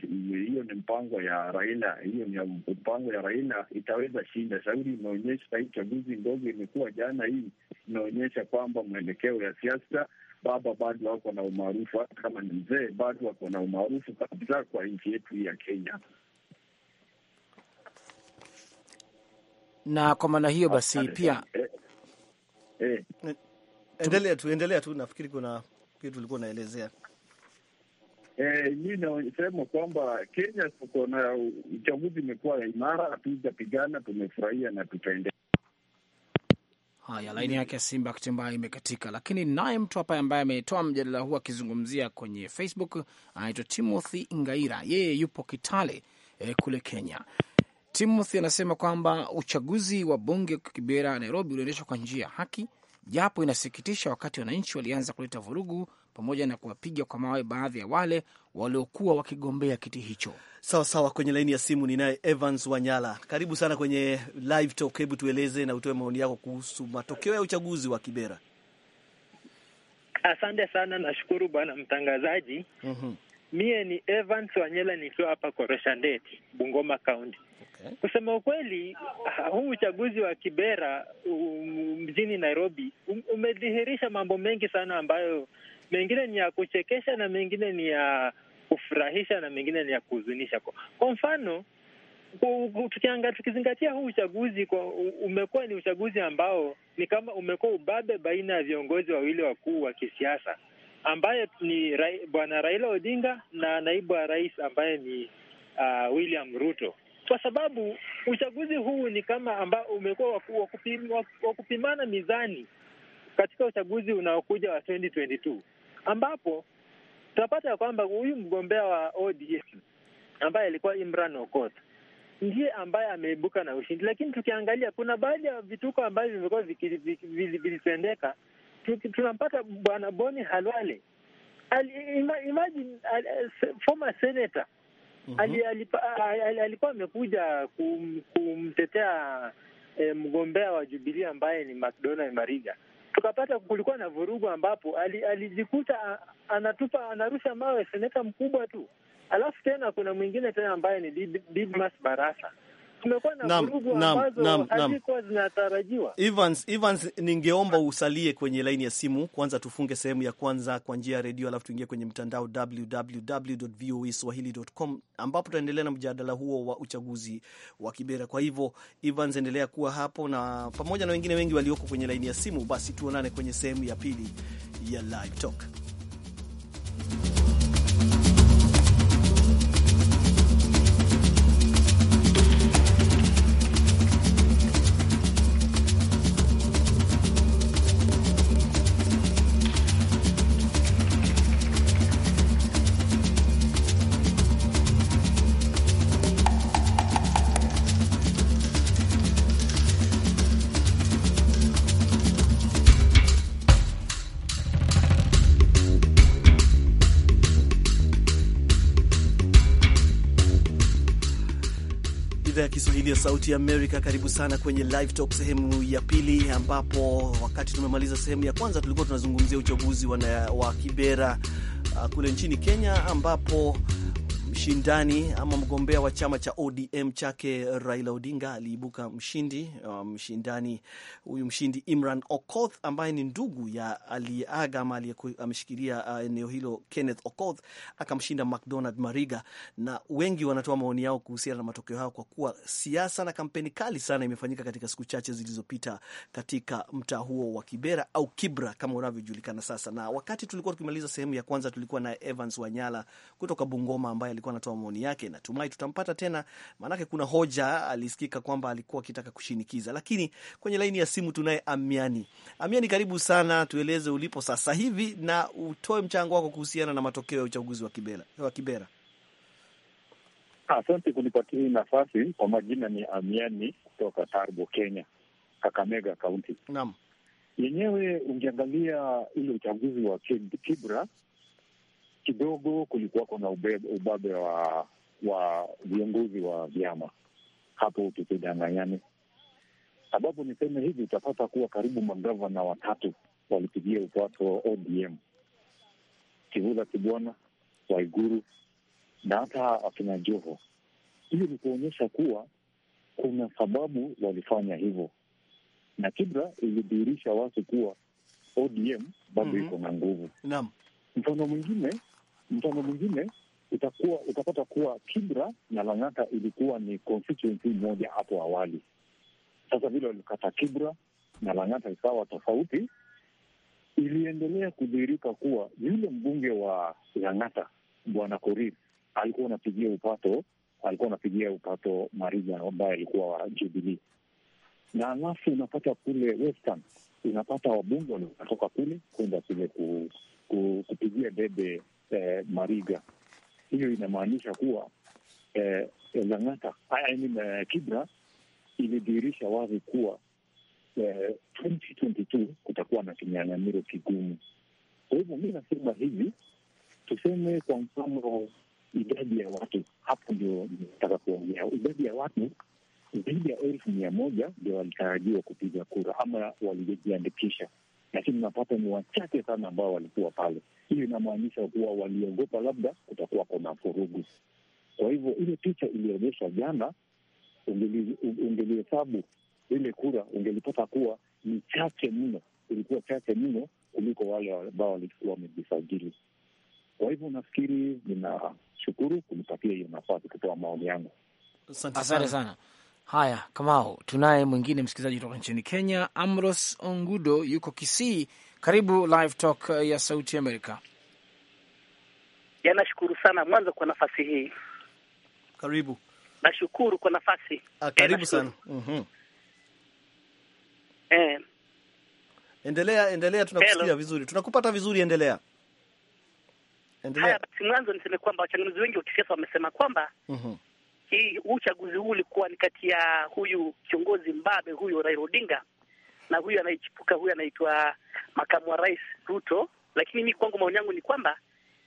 hiyo ni mpango ya Raila, hiyo ni mpango ya Raila itaweza shinda. Shauri imeonyesha hii chaguzi ndogo imekuwa jana hii imeonyesha kwamba mwelekeo ya siasa baba bado wako na umaarufu, hata kama ni mzee bado wako na umaarufu kabisa kwa nchi yetu hii ya Kenya. Na kwa maana hiyo basi Asale. Pia eh, eh. Endelea tu, endelea tu, nafikiri kuna kitu ulikuwa unaelezea. Eh, mi nasema kwamba Kenya tuko na uchaguzi imekuwa imara, hatujapigana, tumefurahia na tutaendelea. Haya, laini yake ya Simba Kitimba imekatika, lakini naye mtu hapa ambaye ametoa mjadala huu akizungumzia kwenye Facebook anaitwa Timothy Ngaira, yeye yupo Kitale eh, kule Kenya. Timothy anasema kwamba uchaguzi wa bunge Kibera Nairobi uliendeshwa kwa njia ya haki, japo inasikitisha wakati wananchi walianza kuleta vurugu pamoja na kuwapiga kwa mawe baadhi ya wale waliokuwa wakigombea kiti hicho. Sawa sawa, kwenye laini ya simu ninaye Evans Wanyala, karibu sana kwenye live talk. Hebu tueleze na utoe maoni yako kuhusu matokeo ya uchaguzi wa Kibera. Asante sana, nashukuru bwana mtangazaji. mm -hmm. Mie ni Evans Wanyela nikiwa hapa Koroshandeti, Bungoma Kaunti. Okay. Kusema ukweli, huu uchaguzi wa Kibera um, mjini um, Nairobi um, umedhihirisha mambo mengi sana ambayo mengine ni ya kuchekesha na mengine ni ya kufurahisha na mengine ni ya kuhuzunisha. Kwa mfano, tukizingatia huu uchaguzi umekuwa ni uchaguzi ambao ni kama umekuwa ubabe baina ya viongozi wawili wakuu wa kisiasa ambaye ni rai, Bwana Raila Odinga na naibu wa rais ambaye ni uh, William Ruto, kwa sababu uchaguzi huu ni kama ambao umekuwa wa kupimana mizani katika uchaguzi unaokuja wa 2022 ambapo tunapata ya kwamba huyu mgombea wa ODM ambaye alikuwa Imran Okoth ndiye ambaye ameibuka na ushindi, lakini tukiangalia kuna baadhi ya vituko ambavyo vimekuwa vilitendeka. Tunampata bwana Boni Halwale ima, imagine former senator mhm. ali, alipa, alikuwa amekuja kum, kumtetea eh, mgombea wa jubilii ambaye ni McDonald Mariga tukapata kulikuwa na vurugu ambapo alijikuta ali anatupa anarusha mawe seneta mkubwa tu, alafu tena kuna mwingine tena ambaye ni Didmas Barasa tumekuwa na vurugu ambazo hazikuwa zinatarajiwa. Evans, Evans, ningeomba usalie kwenye laini ya simu kwanza, tufunge sehemu ya kwanza kwa njia ya redio, alafu tuingie kwenye mtandao www.voaswahili.com ambapo tutaendelea na mjadala huo wa uchaguzi wa Kibera. Kwa hivyo, Evans, endelea kuwa hapo na pamoja na wengine wengi walioko kwenye laini ya simu. Basi tuonane kwenye sehemu ya pili ya Live Talk. Kiswahili ya Sauti ya Amerika. Karibu sana kwenye Live Talk sehemu ya pili, ambapo wakati tumemaliza sehemu ya kwanza tulikuwa tunazungumzia uchaguzi wa Kibera uh, kule nchini Kenya ambapo Mshindani ama mgombea wa chama cha ODM chake Raila Odinga aliibuka mshindi. Um, mshindani huyu mshindi Imran Okoth, ambaye ni ndugu ya aliyeaga ama ameshikilia uh, eneo uh, hilo Kenneth Okoth, akamshinda McDonald Mariga, na wengi wanatoa maoni yao kuhusiana na matokeo hayo, kwa kuwa siasa na kampeni kali sana imefanyika katika siku chache zilizopita katika mtaa huo wa Kibera au Kibra kama unavyojulikana sasa. Na wakati tulikuwa tukimaliza sehemu ya kwanza, tulikuwa na Evans Wanyala kutoka Bungoma ambaye alikuwa alikuwa anatoa maoni yake. Natumai tutampata tena, maanake kuna hoja alisikika kwamba alikuwa akitaka kushinikiza. Lakini kwenye laini ya simu tunaye Amiani. Amiani, karibu sana, tueleze ulipo sasa hivi na utoe mchango wako kuhusiana na matokeo ya uchaguzi wa Kibera, wa Kibera. Asante kunipatia hii nafasi. Kwa majina ni Amiani kutoka Tarbo, Kenya, Kakamega Kaunti. Naam, yenyewe ungeangalia ule uchaguzi wa Kibra kidogo kulikuwako na ubabe wa wa viongozi wa vyama hapo, tusidanganyane. Sababu niseme hivi, utapata kuwa karibu magavana watatu walipigia upato ODM, Kivula Kibwana, Waiguru na hata akina Joho. Hiyo ni kuonyesha kuwa kuna sababu walifanya hivyo, na Kibra ilidhihirisha watu kuwa ODM bado mhm. iko mm -hmm. na nguvu. Naam, mfano mwingine Mfano mwingine itakuwa utapata kuwa Kibra na Lang'ata ilikuwa ni constituency moja hapo awali. Sasa vile walikata Kibra na Lang'ata ikawa tofauti, iliendelea kudhihirika kuwa yule mbunge wa Lang'ata Bwana Korir alikuwa anapigia upato, alikuwa anapigia upato Mariga ambaye alikuwa wa Jubilii, na alafu unapata kule Western unapata wabunge waliotoka kule kwenda kule ku, ku, kupigia debe eh, Mariga. Hiyo inamaanisha kuwa eh, eh Lang'ata I mean, eh, Kibra imedhihirisha wazi kuwa eh, 2022 kutakuwa na kinyang'anyiro kigumu. Kwa hivyo mi nasema hivi, tuseme kwa mfano idadi ya watu hapo ndio nataka kuongea. Idadi ya watu zaidi ya elfu mia moja ndio walitarajiwa kupiga kura ama walijiandikisha, lakini napata ni wachache sana ambao walikuwa pale hiyo inamaanisha kuwa waliogopa labda kutakuwa kuna furugu. Kwa hivyo ile picha ilionyeshwa jana, ungelihesabu ile kura, ungelipata kuwa ni chache mno, ilikuwa chache mno kuliko wale ambao walikuwa wamejisajili. Kwa hivyo nafikiri, ninashukuru kunipatia hiyo nafasi kutoa maoni yangu. Asante sana. Haya, Kamao, tunaye mwingine msikilizaji kutoka nchini Kenya, Amros Ongudo yuko Kisii. Karibu Live Talk eh, ya Sauti Amerika. Nashukuru sana mwanzo kwa nafasi hii. Karibu. Nashukuru kwa nafasi. A, ah, eh, karibu e, sana. Mhm. Eh. Endelea, endelea, tunakusikia vizuri, tunakupata vizuri, endelea. Endelea. Haya basi, mwanzo niseme kwamba wachanganuzi wengi wa kisiasa wamesema kwamba mhm huu uchaguzi huu ulikuwa ni kati ya huyu kiongozi mbabe huyu Raila Odinga na huyu anayechipuka huyu anaitwa makamu wa rais Ruto. Lakini mi kwangu, maoni yangu ni kwamba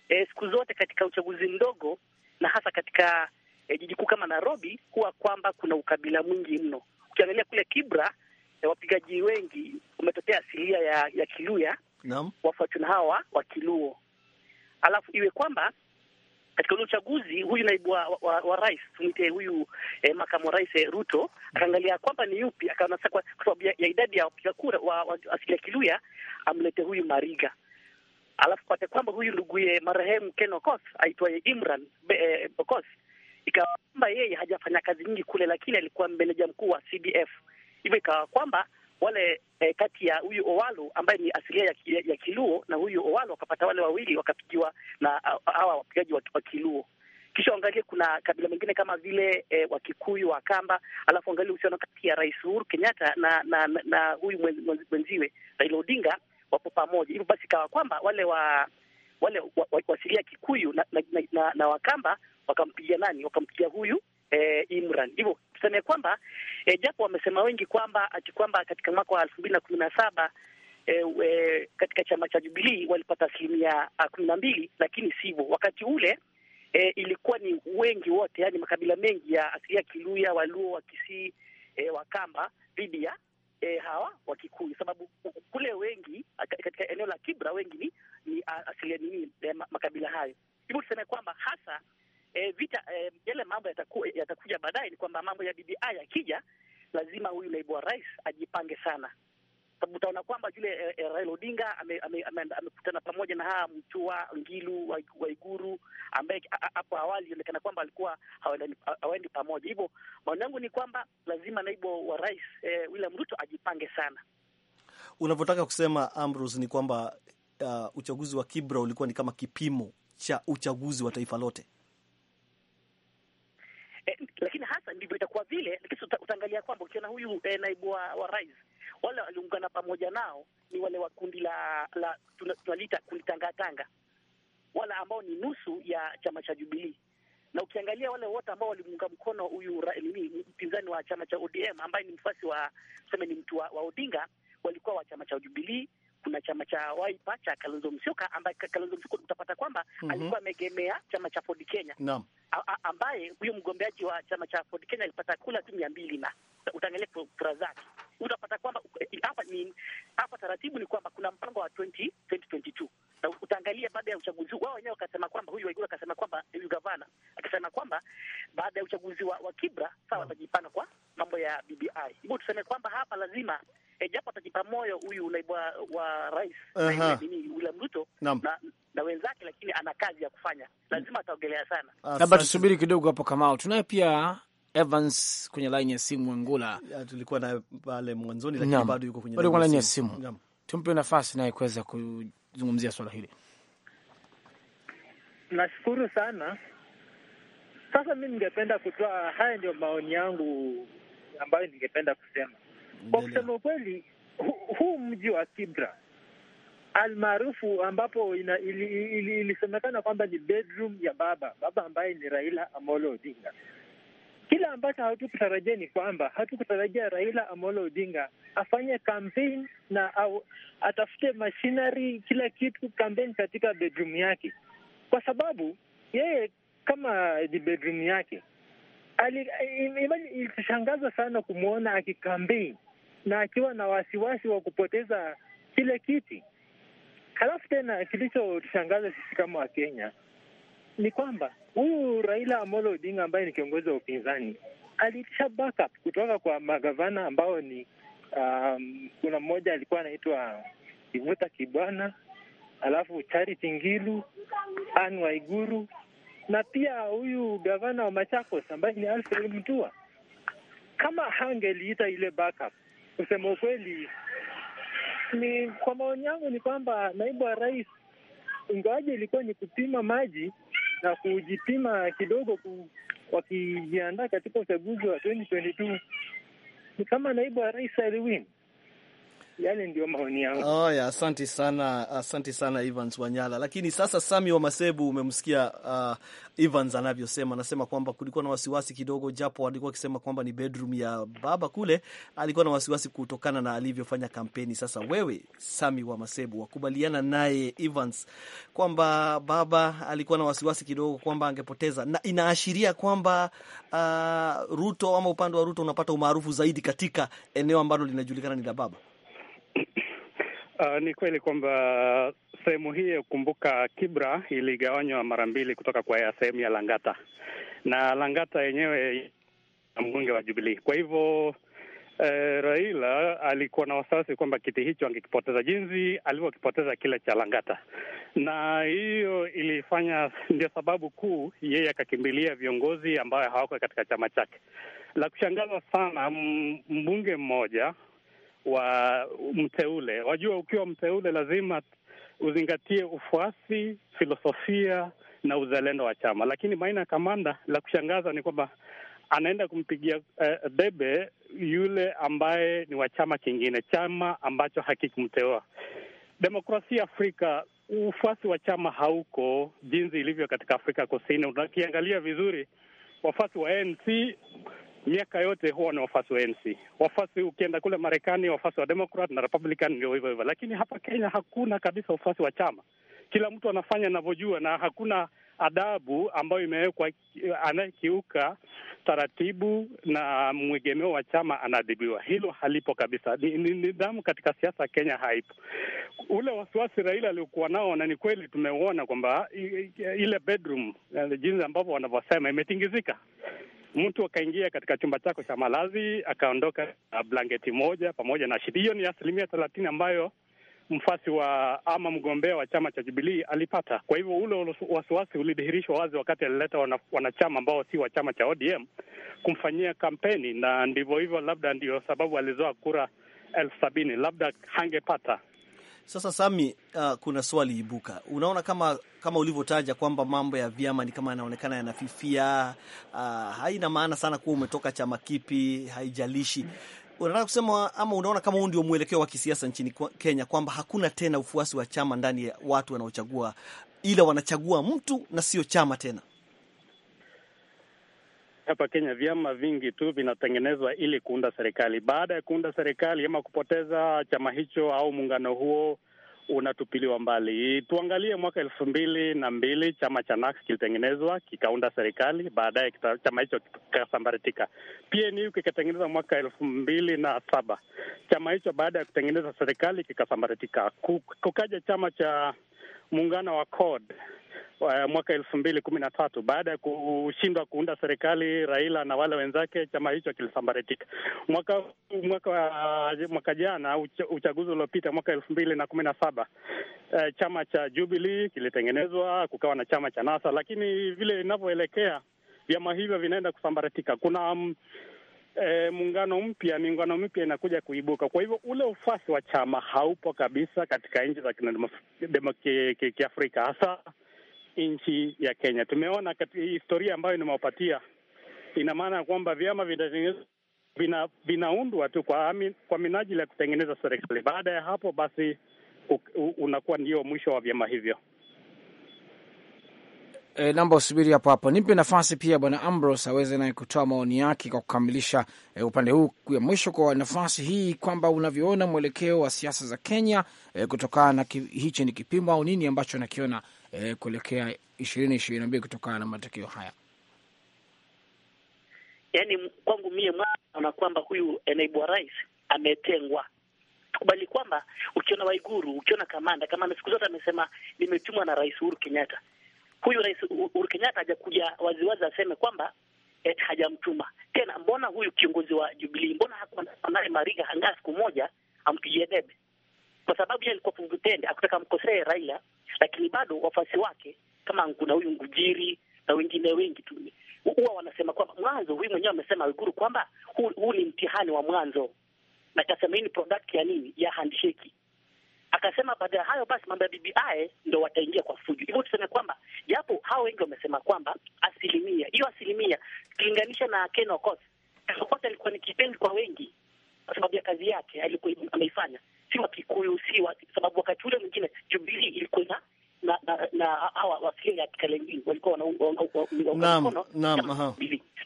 eh, siku zote katika uchaguzi mdogo na hasa katika eh, jiji kuu kama Nairobi huwa kwamba kuna ukabila mwingi mno. Ukiangalia kule Kibra eh, wapigaji wengi umetokea asilia ya, ya Kiluya, naam, na hawa wa Kiluo alafu iwe kwamba katika ule uchaguzi huyu naibu wa, wa, wa rais tumite huyu eh, makamu wa rais eh, Ruto akaangalia kwamba ni yupi, akaona sasa kwa sababu ya, ya idadi ya wapiga kura wa, wa asili ya Kiluya amlete huyu Mariga, alafu pate kwamba huyu nduguye marehemu Ken Okos aitwaye Imran eh, ikawa kwamba yeye hajafanya kazi nyingi kule, lakini alikuwa meneja mkuu wa CDF, hivyo ikawa kwamba wale eh, kati ya huyu Owalu ambaye ni asilia ya, ya, ya Kiluo na huyu Owalo wakapata wale wawili wakapigiwa na hawa wapigaji wa, wa Kiluo. Kisha uangalie kuna kabila mengine kama vile eh, Wakikuyu, Wakamba, alafu angalie uhusiano kati ya Rais Uhuru Kenyatta na na, na, na huyu mwenziwe Raila Odinga wapo pamoja. Hivyo basi kawa kwamba wale wa wale wa, wa, wasilia Kikuyu na, na, na, na, na Wakamba wakampigia nani? Wakampigia huyu eh, Imran. Hivyo tuseme kwamba eh, japo wamesema wengi kwamba ati kwamba katika mwaka wa elfu mbili na kumi na saba eh, eh, katika chama cha Jubilii walipata asilimia ah, kumi na mbili, lakini sivyo wakati ule eh, ilikuwa ni wengi wote, yani makabila mengi ya asilia Kiluya, Waluo, Wakisii, eh, Wakamba dhidi ya E, hawa wa Kikuyu sababu kule wengi ah, katika eneo la Kibra wengi ni, ni ah, asilia nini eh, makabila hayo. Hivyo tuseme kwamba hasa e, vita e, yale mambo yataku, yatakuja baadaye. Ni kwamba mambo ya BBI yakija, lazima huyu naibu wa rais ajipange sana, sababu utaona kwamba yule e, e, Raila Odinga amekutana ame, ame, ame pamoja na haa Mtua Ngilu Waiguru ambaye hapo awali ilionekana kwamba alikuwa hawaendi pamoja. Hivyo maoni yangu ni kwamba lazima naibu wa rais e, William Ruto ajipange sana. Unavyotaka kusema Ambrose ni kwamba uh, uchaguzi wa Kibra ulikuwa ni kama kipimo cha uchaguzi wa taifa lote. vile, lakini utaangalia kwamba ukiona huyu eh, naibu wa, wa rais wale waliungana pamoja nao ni wale wa kundi la, la tunaliita kundi tangatanga, wala ambao ni nusu ya chama cha Jubilii na ukiangalia wale wote ambao walimuunga mkono huyu nini mpinzani wa chama cha ODM ambaye ni mfuasi wa seme ni mtu wa, wa Odinga walikuwa wa chama cha Jubilii kuna chama cha Waipa cha Kalonzo Musyoka, ambaye Kalonzo Musyoka utapata kwamba mm -hmm. alikuwa amegemea chama cha Ford Kenya no. ambaye huyo mgombeaji wa chama cha Ford Kenya alipata kula tu mia mbili na utaangalia kura zake utapata kwamba eh, hapa ni hapa, taratibu ni kwamba kuna mpango wa 20, 2022 na utaangalia baada ya uchaguzi wao wenyewe wakasema kwamba huyu Waiguru akasema kwamba huyu gavana akasema kwamba baada ya uchaguzi wa, wa Kibra sawa, watajipana kwa mambo ya BBI. Hivyo tuseme kwamba hapa lazima e, japo atajipa moyo huyu naibu wa rais William Ruto na, na wenzake, lakini ana kazi ya kufanya, lazima ataogelea sana. Labda tusubiri kidogo hapo. Kamao tunaye pia Evans kwenye laini ya simu ngula tulikuwa naye pale mwanzoni, lakini bado yuko kwenye laini ya simu. Tumpe nafasi naye kuweza kuzungumzia swala hili. Nashukuru sana. Sasa mi ningependa kutoa, haya ndio maoni yangu ambayo ningependa kusema. Kwa kusema ukweli, huu mji wa Kibra almaarufu ambapo ilisemekana ili, ili kwamba ni bedroom ya baba baba ambaye ni Raila Amolo Odinga. Kile ambacho hatukutarajia ni kwamba hatukutarajia Raila Amolo Odinga afanye campaign na au, atafute machinery kila kitu campaign katika bedroom yake, kwa sababu yeye kama ni bedroom yake, ilishangazwa sana kumwona akikampaign na akiwa na wasiwasi wa kupoteza kile kiti. Halafu tena kilichotushangaza sisi kama Wakenya ni kwamba huyu Raila Amolo Odinga ambaye ni kiongozi wa upinzani aliitisha backup kutoka kwa magavana ambao ni um, kuna mmoja alikuwa anaitwa Kivuta Kibwana, alafu Charity Ngilu, Anne Waiguru na pia huyu gavana wa Machakos ambaye ni Alfred Mutua. Kama hangeliita ile backup Kusema ukweli, ni kwa maoni yangu ni kwamba naibu wa rais, ingawaje ilikuwa ni kupima maji na kujipima kidogo ku, wakijiandaa katika uchaguzi wa 2022 ni kama naibu wa rais aliwin yale ndio maoni yangu. Oh, ya, asanti sana, asanti sana Evans Wanyala. Lakini sasa Sami wa Masebu, umemsikia uh, Evans anavyosema, anasema kwamba kulikuwa na wasiwasi kidogo, japo alikuwa akisema kwamba ni bedroom ya baba kule, alikuwa na wasiwasi kutokana na alivyofanya kampeni. Sasa wewe Sami wa Masebu, wakubaliana naye Evans kwamba baba alikuwa na wasiwasi kidogo kwamba angepoteza, na inaashiria kwamba uh, Ruto ama upande wa Ruto unapata umaarufu zaidi katika eneo ambalo linajulikana ni la baba. Uh, ni kweli kwamba sehemu hii ya kukumbuka Kibra iligawanywa mara mbili kutoka kwa ya sehemu ya Langata na Langata yenyewe na mbunge wa jubilii Kwa hivyo eh, Raila alikuwa na wasiwasi kwamba kiti hicho angekipoteza jinsi alivyokipoteza kile cha Langata, na hiyo ilifanya ndio sababu kuu yeye akakimbilia viongozi ambayo hawako katika chama chake. La kushangaza sana, mbunge mmoja wa mteule. Wajua, ukiwa mteule lazima uzingatie ufuasi, filosofia na uzalendo wa chama. Lakini Maina ya Kamanda, la kushangaza ni kwamba anaenda kumpigia uh, debe yule ambaye ni wa chama kingine, chama ambacho hakikumteua. Demokrasia Afrika, ufuasi wa chama hauko jinsi ilivyo katika Afrika Kusini. Unakiangalia vizuri, wafuasi wa ANC miaka yote huwa na wafuasi wa NC. Wafuasi ukienda kule Marekani, wafuasi wa Democrat na Republican ndio hivyo hivyo, lakini hapa Kenya hakuna kabisa wafuasi wa chama. Kila mtu anafanya anavyojua na hakuna adabu ambayo imewekwa. Anayekiuka taratibu na mwegemeo wa chama anaadhibiwa. Hilo halipo kabisa, ni nidhamu katika siasa Kenya haipo. Ule wasiwasi Raila aliokuwa nao, na ni kweli tumeuona kwamba ile bedroom, eh, jinsi ambavyo wanavyosema, imetingizika mtu akaingia katika chumba chako cha malazi akaondoka na blanketi moja pamoja na shidi. Hiyo ni asilimia thelathini ambayo mfasi wa ama mgombea wa chama cha Jubilii alipata. Kwa hivyo ule wasiwasi ulidhihirishwa wazi wakati alileta wanachama ambao si wa chama cha ODM kumfanyia kampeni, na ndivyo hivyo, labda ndio sababu alizoa kura elfu sabini labda hangepata sasa Sami, uh, kuna swali ibuka. Unaona kama kama ulivyotaja kwamba mambo ya vyama ni kama yanaonekana yanafifia, uh, haina maana sana kuwa umetoka chama kipi, haijalishi unataka kusema ama unaona kama huu ndio mwelekeo wa kisiasa nchini Kenya, kwamba hakuna tena ufuasi wa chama ndani ya watu wanaochagua, ila wanachagua mtu na sio chama tena? hapa Kenya vyama vingi tu vinatengenezwa ili kuunda serikali. Baada ya kuunda serikali ama kupoteza chama hicho au muungano huo unatupiliwa mbali. Tuangalie mwaka elfu mbili na mbili chama cha NARC kilitengenezwa kikaunda serikali, baadaye chama hicho kikasambaratika. PNU kikatengeneza mwaka elfu mbili na saba chama hicho baada ya kutengeneza serikali kikasambaratika. Kukaja chama cha muungano wa CORD mwaka elfu mbili kumi na tatu baada ya kushindwa kuunda serikali Raila na wale wenzake, chama hicho kilisambaratika. Mwaka mwaka mwaka jana uchaguzi uliopita mwaka elfu mbili na kumi na saba eh, chama cha Jubilee kilitengenezwa kukawa na chama cha NASA, lakini vile inavyoelekea vyama hivyo vinaenda kusambaratika. Kuna um, E, muungano mpya, miungano mipya inakuja kuibuka. Kwa hivyo ule ufasi wa chama haupo kabisa katika nchi za kiafrika hasa nchi ya Kenya. Tumeona katika historia ambayo nimewapatia, ina maana ya kwamba vyama vinatengenezwa vina, vinaundwa tu kwa, ami, kwa minajili ya kutengeneza serikali. Baada ya hapo basi u, u, unakuwa ndio mwisho wa vyama hivyo. E, eh, namba usubiri hapo hapo, nipe nafasi pia Bwana Ambrose aweze naye kutoa maoni yake kwa kukamilisha e, upande huu ya mwisho kwa nafasi hii, kwamba unavyoona mwelekeo wa siasa za Kenya e, kutokana na hichi ni kipimo au nini ambacho nakiona eh, kuelekea ishirini ishirini na mbili kutokana na matokeo haya? Yaani kwangu mie naona kwamba huyu naibu wa rais ametengwa. Kubali kwamba ukiona Waiguru, ukiona kamanda kamanda, siku zote amesema nimetumwa na Rais Uhuru Kenyatta. Huyu Rais Uhuru Kenyatta hajakuja waziwazi aseme kwamba eh, hajamtuma tena. Mbona huyu kiongozi wa jubilii mbona hakuwa naye Mariga, angaa siku moja ampigie debe? kwa sababu yeye alikuwa kungutende akutaka mkosee Raila, lakini bado wafuasi wake kama kuna huyu Ngujiri na wengine wengi tu huwa wanasema kwamba mwanzo, huyu mwenyewe amesema Iguru kwamba huu, huu ni mtihani wa mwanzo, na akasema hii ni product ya nini, ya handshake. Akasema baada ya hayo basi mambo ya BBI ndo wataingia kwa fujo. Hivyo tuseme kwamba japo hao wengi wamesema kwamba asilimia hiyo asilimia kilinganisha na Ken Okoth, Okoth alikuwa ni kipenzi kwa wengi kwa sababu ya kazi yake alikuwa ameifanya, si Kikuyu, si wa sababu wakati ule mwingine Jubilii ilikuwa na na na hawa wasili ya Kalenjin walikuwa wanaunga mkono,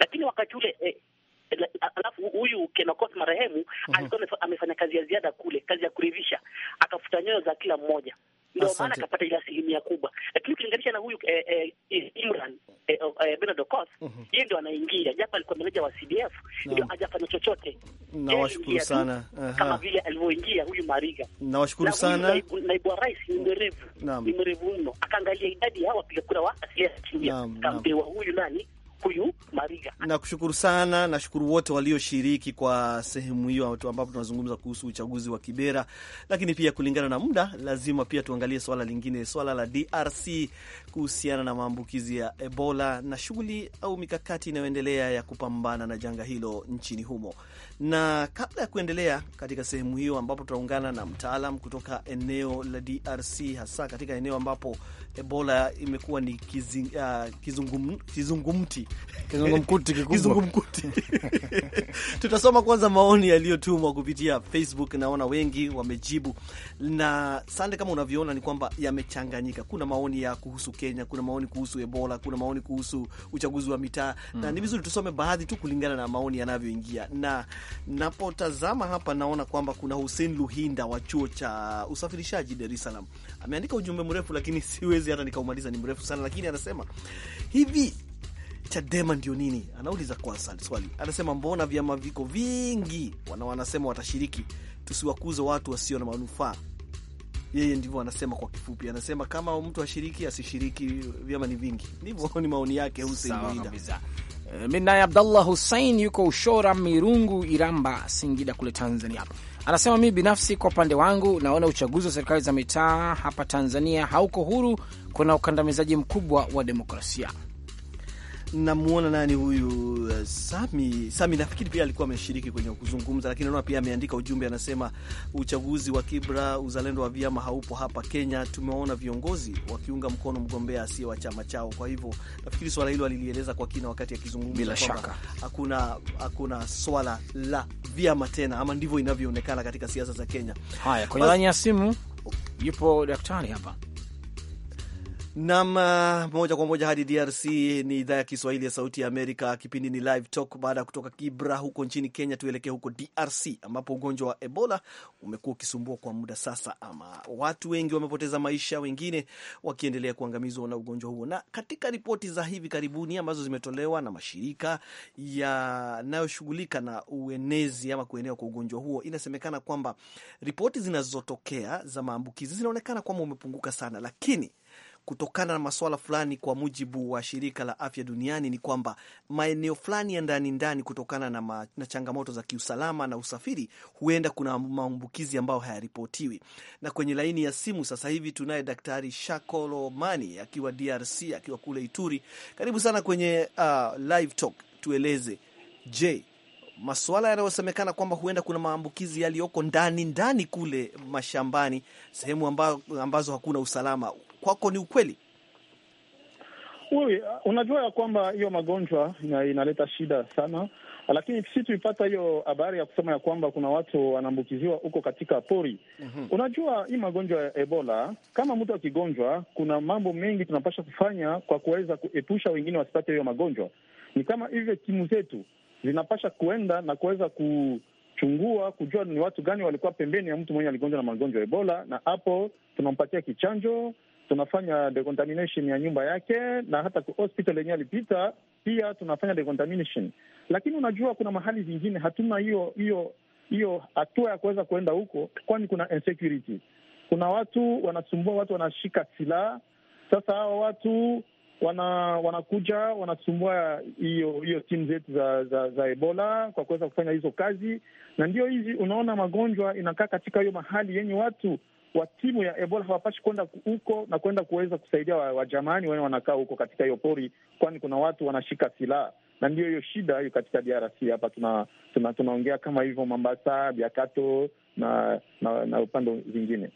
lakini wakati ule eh, alafu huyu Kenokos marehemu mm -hmm. alikuwa amefanya kazi ya ziada kule, kazi ya kuridhisha, akafuta nyoyo za kila mmoja, ndio maana akapata ile asilimia kubwa. Lakini ukilinganisha na huyu eh, eh, eh, Imran eh, oh, eh, Okoth mhm. yeye ndio anaingia, japo alikuwa meneja wa CDF no. ndio hajafanya chochote. Nawashukuru sana Aha. kama vile alivyoingia huyu Mariga. Nawashukuru sana naibu, wa rais ni mwerevu, ni mwerevu mno, akaangalia idadi ya wapiga kura wa asilia ya Kenya, kampewa huyu nani huyu Mariga. Nakushukuru sana, nashukuru wote walioshiriki kwa sehemu hiyo, ambapo tunazungumza kuhusu uchaguzi wa Kibera, lakini pia kulingana na muda, lazima pia tuangalie swala lingine, swala la DRC kuhusiana na maambukizi ya Ebola na shughuli au mikakati inayoendelea ya kupambana na janga hilo nchini humo. Na kabla ya kuendelea katika sehemu hiyo, ambapo tutaungana na mtaalam kutoka eneo la DRC, hasa katika eneo ambapo Ebola imekuwa ni kizi, uh, kizungumti kizungumkuti (laughs) kizungumkuti. (laughs) Tutasoma kwanza maoni yaliyotumwa kupitia Facebook. Naona wengi wamejibu, na sande, kama unavyoona ni kwamba yamechanganyika. Kuna maoni ya kuhusu Kenya, kuna maoni kuhusu Ebola, kuna maoni kuhusu uchaguzi wa mitaa mm. na ni mm. vizuri tusome baadhi tu kulingana na maoni yanavyoingia, na napotazama hapa naona kwamba kuna Hussein Luhinda wa chuo cha usafirishaji Dar es Salaam Ameandika ujumbe mrefu, lakini siwezi hata nikaumaliza, ni mrefu sana, lakini anasema hivi Chadema ndio nini? Anauliza kwanza swali, anasema mbona vyama viko vingi wana wanasema watashiriki, tusiwakuze watu wasio na manufaa. Yeye ndivyo anasema kwa kifupi, anasema kama mtu ashiriki asishiriki, vyama ni vingi. Ndivyo (laughs) ni maoni yake Hussein Mwida. Eh, naye Abdallah Hussein yuko Ushora Mirungu, Iramba, Singida kule Tanzania Anasema mimi binafsi kwa upande wangu naona uchaguzi wa serikali za mitaa hapa Tanzania hauko huru, kuna ukandamizaji mkubwa wa demokrasia. Namwona nani huyu eh, Sami Sami, nafikiri pia alikuwa ameshiriki kwenye kuzungumza, lakini naona pia ameandika ujumbe, anasema uchaguzi wa Kibra, uzalendo wa vyama haupo hapa Kenya. Tumewaona viongozi wakiunga mkono mgombea asiye wa chama chao. Kwa hivyo nafikiri swala hilo alilieleza kwa kina wakati akizungumza. Bila shaka hakuna hakuna swala la vyama tena, ama ndivyo inavyoonekana katika siasa za Kenya. Haya, kwenye laini ya simu yupo daktari hapa Nam uh, moja kwa moja hadi DRC. Ni idhaa ya Kiswahili ya Sauti ya Amerika, kipindi ni Live Talk. Baada ya kutoka Kibra huko nchini Kenya, tuelekee huko DRC ambapo ugonjwa wa Ebola umekuwa ukisumbua kwa muda sasa, ama watu wengi wamepoteza maisha, wengine wakiendelea kuangamizwa na ugonjwa huo. Na katika ripoti za hivi karibuni ambazo zimetolewa na mashirika yanayoshughulika na uenezi ama kuenewa kwa ugonjwa huo, inasemekana kwamba ripoti zinazotokea za maambukizi zinaonekana kwamba umepunguka sana, lakini kutokana na maswala fulani, kwa mujibu wa shirika la afya duniani, ni kwamba maeneo fulani ya ndani ndani, kutokana na, ma, na changamoto za kiusalama na usafiri, huenda kuna maambukizi ambayo hayaripotiwi. Na kwenye laini ya simu sasa hivi tunaye Daktari Shakolomani akiwa DRC, akiwa kule Ituri. Karibu sana kwenye uh, live talk. Tueleze, je, masuala yanayosemekana kwamba huenda kuna maambukizi yaliyoko ndani ndani kule mashambani, sehemu ambazo hakuna usalama, kwako ni ukweli? Uwe, uh, unajua ya kwamba hiyo magonjwa inaleta shida sana, lakini si tuipata hiyo habari ya kusema ya kwamba kuna watu wanaambukiziwa huko katika pori. mm -hmm. Unajua hii magonjwa ya Ebola, kama mtu akigonjwa, kuna mambo mengi tunapasha kufanya kwa kuweza kuepusha wengine wasipate hiyo magonjwa. Ni kama hivyo timu zetu zinapasha kuenda na kuweza kuchungua kujua ni watu gani walikuwa pembeni ya mtu mwenye aligonjwa na magonjwa ya Ebola, na hapo tunampatia kichanjo tunafanya decontamination ya nyumba yake na hata hospital yenyewe alipita pia tunafanya decontamination, lakini unajua kuna mahali zingine hatuna hiyo hiyo hiyo hatua ya kuweza kuenda huko, kwani kuna insecurity. Kuna watu wanasumbua, watu wanashika silaha. Sasa hawa watu wana wanakuja wanasumbua hiyo hiyo timu zetu za, za za Ebola kwa kuweza kufanya hizo kazi, na ndio hizi unaona magonjwa inakaa katika hiyo mahali yenye watu wa timu ya Ebola hawapashi kwenda huko na kwenda kuweza kusaidia wajamani wa wene wanakaa huko katika hiyo pori, kwani kuna watu wanashika silaha na ndio hiyo shida hiyo katika DRC hapa tuna, tuna, tunaongea kama hivyo Mombasa, Biakato na na, na upande zingine.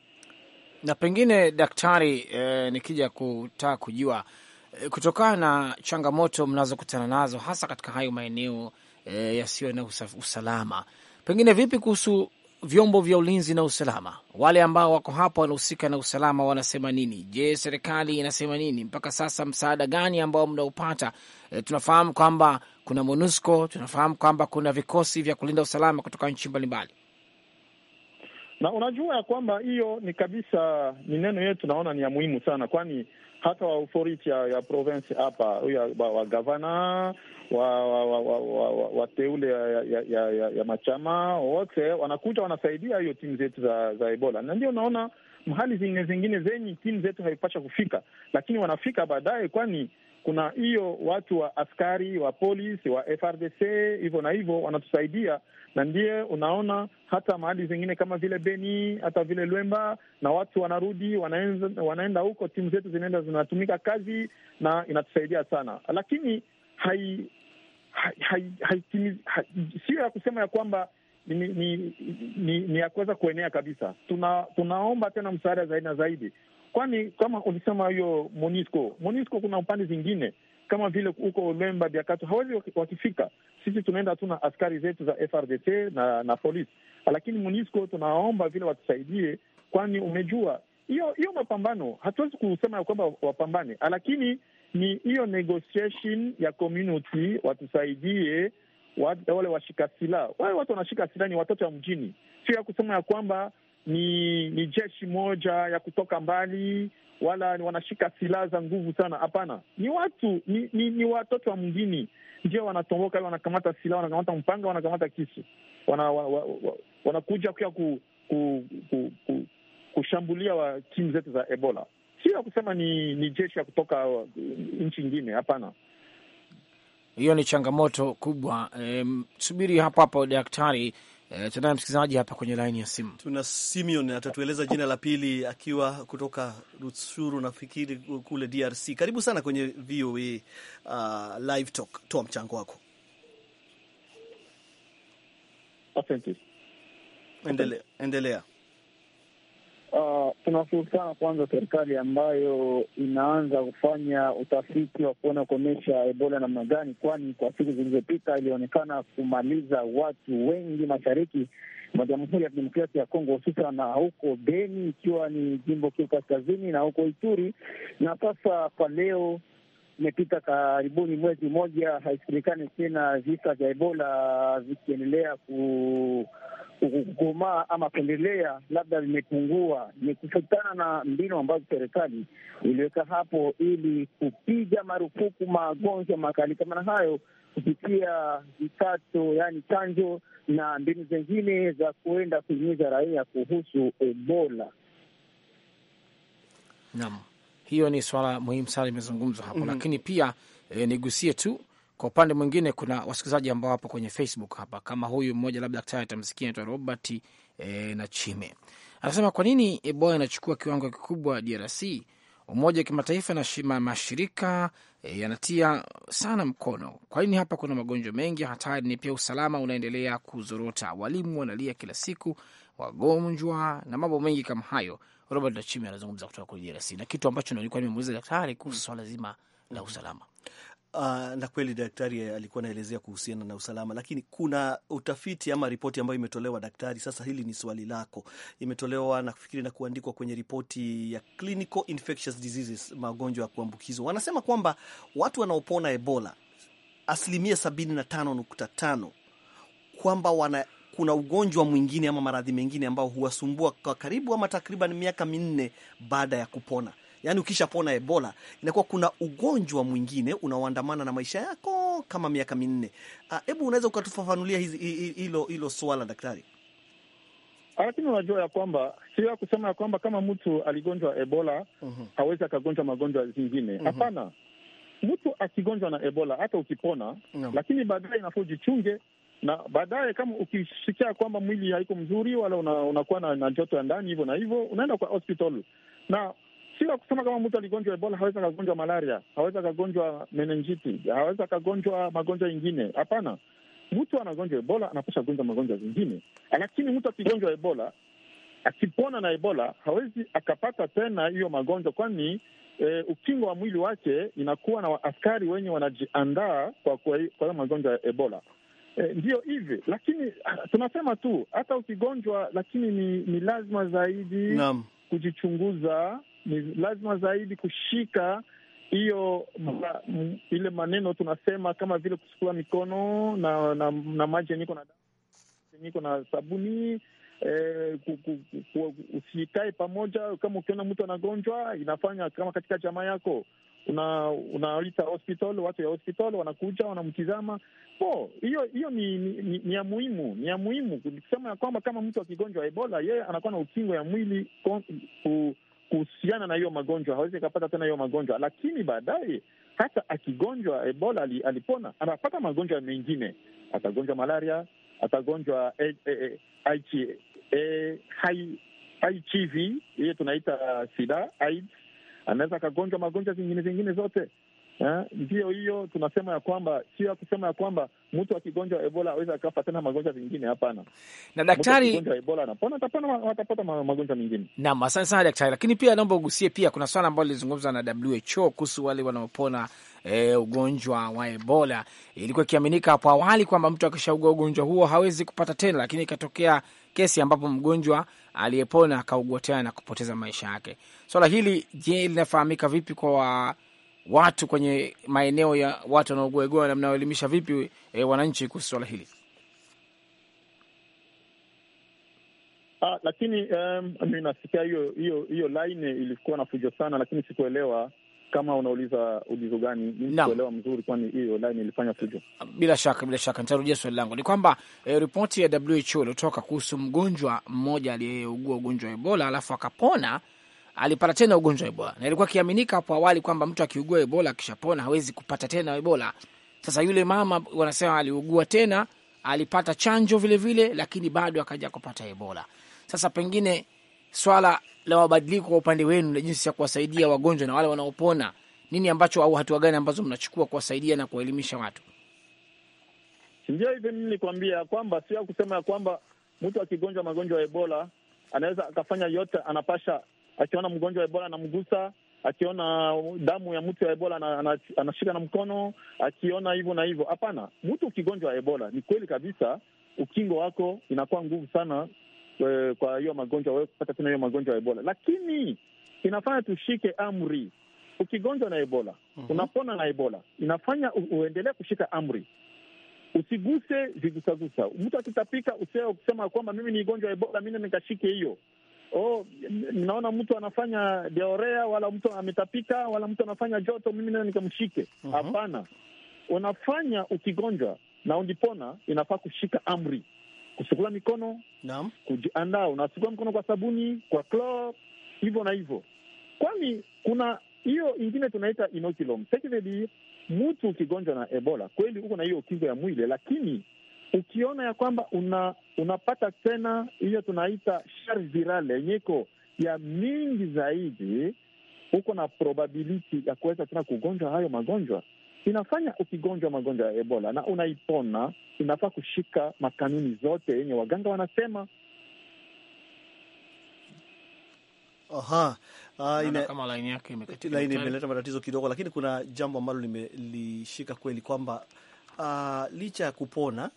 Na pengine daktari, eh, nikija kutaka kujua eh, kutokana na changamoto mnazokutana nazo hasa katika hayo maeneo eh, yasiyo na usalama, pengine vipi kuhusu vyombo vya ulinzi na usalama, wale ambao wako hapo wanahusika na usalama wanasema nini? Je, serikali inasema nini mpaka sasa? Msaada gani ambao mnaupata? E, tunafahamu kwamba kuna MONUSCO, tunafahamu kwamba kuna vikosi vya kulinda usalama kutoka nchi mbalimbali na unajua ya kwamba hiyo ni kabisa ni neno yetu, naona ni ya muhimu sana, kwani hata wa authority ya, ya province hapa wagavana wa wateule wa, wa, wa, wa, wa ya, ya, ya, ya machama wote wanakuja wanasaidia hiyo timu zetu za, za Ebola, na ndio naona mahali zingine zingine zenye timu zetu haipasha kufika, lakini wanafika baadaye, kwani kuna hiyo watu wa askari wa polisi wa FRDC hivyo na hivyo wanatusaidia, na ndiye unaona hata mahali zingine kama vile Beni, hata vile Lwemba, na watu wanarudi wanaenda huko, timu zetu zinaenda zinatumika kazi na inatusaidia sana, lakini hai, hai, hai, hai, hai, ya kusema ya kwamba ni, ni, ni, ni ya kuweza kuenea kabisa. Tuna, tunaomba tena msaada zaidi na zaidi kwani kama ulisema hiyo MONUSCO, MONUSCO kuna upande zingine kama vile huko Lemba biakatu hawezi wakifika. Sisi tunaenda tu na askari zetu za FRDC na na polisi, lakini MONUSCO tunaomba vile watusaidie, kwani umejua hiyo hiyo mapambano hatuwezi kusema ya kwamba wapambane, lakini ni hiyo negotiation ya community watusaidie wale washika silaha. Wale watu wanashika silaha ni watoto wa mjini, sio ya kusema ya kwamba ni ni jeshi moja ya kutoka mbali, wala wanashika silaha za nguvu sana. Hapana, ni watu ni, ni, ni watoto wa mjini ndio wanatomboka, wanakamata silaha, wanakamata mpanga, wanakamata kisu, wanakuja wa, wa, wana kia ku, ku, ku, ku, kushambulia wa timu zetu za Ebola. Sio ya kusema ni, ni jeshi ya kutoka uh, nchi ingine, hapana. Hiyo ni changamoto kubwa. E, subiri hapo hapo daktari. E, tunaye msikilizaji hapa kwenye laini ya simu. Tuna Simeon atatueleza jina la pili akiwa kutoka Rutshuru nafikiri kule DRC. Karibu sana kwenye VOA uh, live talk, toa mchango wako. endelea, endelea kuna sana kwanza, serikali ambayo inaanza kufanya utafiti wa kuona kuonyesha Ebola namna gani, kwani kwa siku zilizopita ilionekana kumaliza watu wengi mashariki mwa Jamhuri ya Kidemokrasia ya Kongo, hususan na huko Beni, ikiwa ni jimbo Kivu Kaskazini na huko Ituri. Na sasa kwa leo imepita karibuni mwezi mmoja, haisikilikani tena visa vya Ebola vikiendelea ku kukomaa ama pendelea labda vimepungua, ni kufutana na mbinu ambazo serikali iliweka hapo ili kupiga marufuku magonjwa makali kama na hayo kupitia vikato, yaani chanjo na mbinu zingine za kuenda kuhimiza raia kuhusu Ebola. Naam, hiyo ni swala muhimu sana limezungumzwa hapo, mm -hmm. Lakini pia e, nigusie tu kwa upande mwingine, kuna wasikilizaji ambao wapo kwenye Facebook hapa, kama huyu mmoja, labda daktari atamsikia, anaitwa Robert e, eh, na Chime anasema kwa nini Ebola inachukua kiwango kikubwa DRC? Umoja wa Kimataifa na shima mashirika e, yanatia sana mkono. Kwa nini hapa kuna magonjwa mengi hatari? Ni pia usalama unaendelea kuzorota, walimu wanalia kila siku, wagonjwa na mambo mengi kama hayo. Robert Nachime anazungumza kutoka kwenye DRC, na kitu ambacho nilikuwa nimemuuliza daktari kuhusu swala zima la usalama Uh, na kweli daktari alikuwa anaelezea kuhusiana na usalama, lakini kuna utafiti ama ripoti ambayo imetolewa daktari. Sasa hili ni swali lako, imetolewa na kufikiri na kuandikwa kwenye ripoti ya Clinical Infectious Diseases, magonjwa ya kuambukizwa. Wanasema kwamba watu wanaopona Ebola asilimia tano kwamba wana kuna ugonjwa mwingine ama maradhi mengine ambao huwasumbua kwa karibu ama takriban miaka minne baada ya kupona yani ukishapona Ebola inakuwa kuna ugonjwa mwingine unaoandamana na maisha yako kama miaka minne. Ah, hebu unaweza ukatufafanulia hilo hilo swala daktari? Ah, lakini unajua ya kwamba sio ya kusema ya kwamba kama mtu aligonjwa Ebola uhum, hawezi akagonjwa magonjwa zingine. Mhm. Hapana, mtu akigonjwa na Ebola hata ukipona uhum, lakini baadaye inafaa ujichunge na baadaye kama ukisikia kwamba mwili haiko mzuri wala unakuwa una na, na joto ya ndani hivyo na hivyo, unaenda kwa hospital na sio kusema kama mtu aligonjwa Ebola hawezi akagonjwa malaria, hawezi akagonjwa menenjiti, hawezi akagonjwa magonjwa ingine. Hapana, mtu anagonjwa Ebola anapasha gonjwa magonjwa zingine, lakini mtu akigonjwa Ebola akipona na Ebola hawezi akapata tena hiyo magonjwa, kwani e, ukingo wa mwili wake inakuwa na askari wenye wanajiandaa kwa hiyo magonjwa ya Ebola. E, eh, ndiyo hivi, lakini tunasema tu hata ukigonjwa, lakini ni, ni lazima zaidi Naam. kujichunguza ni lazima zaidi kushika hiyo ile maneno tunasema kama vile kusukula mikono na na, na maji yenyiko na na sabuni eh, usikae pamoja. Kama ukiona mtu anagonjwa, inafanya kama katika jamaa yako unaita una hospital, watu ya hospital wanakuja wanamtizama. Po, hiyo hiyo ni, ni, ni, ni ya muhimu, ni ya muhimu kusema ya kwamba kama mtu akigonjwa Ebola, yeye anakuwa na ukingo ya mwili ku, kuhusiana na hiyo magonjwa, hawezi akapata tena hiyo magonjwa. Lakini baadaye hata akigonjwa Ebola alipona, anapata magonjwa mengine, atagonjwa malaria, atagonjwa HIV, hiyo tunaita sida, AIDS, anaweza akagonjwa magonjwa zingine zingine zote. Eh, Ndiyo hiyo tunasema ya kwamba sio ya kusema ya kwamba mtu akigonjwa Ebola aweza akafa tena magonjwa mengine. Hapana, na daktari gonjwa Ebola anapona, atapona, watapata magonjwa mengine. Naam, asante sana daktari. Lakini pia naomba ugusie pia, kuna swala ambalo lilizungumzwa na WHO kuhusu wale wanaopona e, ugonjwa wa Ebola. Ilikuwa ikiaminika hapo awali kwamba mtu akishaugua ugonjwa huo hawezi kupata tena, lakini ikatokea kesi ambapo mgonjwa aliyepona akaugua tena na kupoteza maisha yake. Swala so, hili je, linafahamika vipi kwa watu kwenye maeneo ya watu wanaoguaegua na mnaoelimisha vipi e, wananchi kuhusu swala hili? Ah, lakini um, mi nasikia hiyo hiyo hiyo line ilikuwa na fujo sana, lakini sikuelewa kama unauliza ulizo gani. Mimi sikuelewa mzuri, kwani hiyo line ilifanya fujo. Bila shaka, bila shaka nitarudia swali langu. Ni kwamba eh, ripoti ya WHO iliotoka kuhusu mgonjwa mmoja aliyeugua ugonjwa wa Ebola alafu akapona alipata tena ugonjwa wa Ebola, na ilikuwa akiaminika hapo awali kwamba mtu akiugua Ebola akishapona hawezi kupata tena Ebola. Sasa yule mama wanasema aliugua tena, alipata chanjo vilevile vile, lakini bado akaja kupata Ebola. Sasa pengine swala la mabadiliko kwa upande wenu na jinsi ya kuwasaidia wagonjwa na wale wanaopona, nini ambacho au hatua gani ambazo mnachukua kuwasaidia na kuwaelimisha watu? Ndio hivi mimi nikwambia kwamba sio kusema ya kwamba mtu akigonjwa magonjwa ya Ebola anaweza akafanya yote, anapasha akiona mgonjwa wa Ebola anamgusa, akiona damu ya mtu ya Ebola anashika na mkono, akiona hivyo na hivyo. Hapana, mtu ukigonjwa wa Ebola ni kweli kabisa, ukingo wako inakuwa nguvu sana e, kwa hiyo magonjwa wewe kupata tena hiyo magonjwa ya Ebola, lakini inafanya tushike amri. Ukigonjwa na Ebola uh mhm. -huh. unapona na Ebola, inafanya uendelee kushika amri Usiguse vigusagusa. Mtu akitapika usema kwamba mimi ni gonjwa ebola, mimi nikashike hiyo oh, naona mtu anafanya deorea wala mtu ametapika wala mtu anafanya joto, mimi nayo nikamshike. Uh-huh. Hapana, uh -huh. Unafanya ukigonjwa na undipona, inafaa kushika amri, kusukula mikono naam, kujiandaa, unasukula mikono kwa sabuni, kwa lo hivyo na hivyo, kwani kuna hiyo ingine tunaita inoculum. Mtu ukigonjwa na Ebola kweli uko na hiyo ukingo ya mwili, lakini ukiona ya kwamba una, unapata tena hiyo tunaita charge viral yenye iko ya mingi zaidi, uko na probability ya kuweza tena kugonjwa hayo magonjwa. Inafanya ukigonjwa magonjwa ya Ebola na unaipona, inafaa kushika makanuni zote yenye waganga wanasema. Aha. Ah, ina... kama laini yake imekatika, laini imeleta matatizo kidogo, lakini kuna jambo ambalo limelishika kweli kwamba uh, licha ya kupona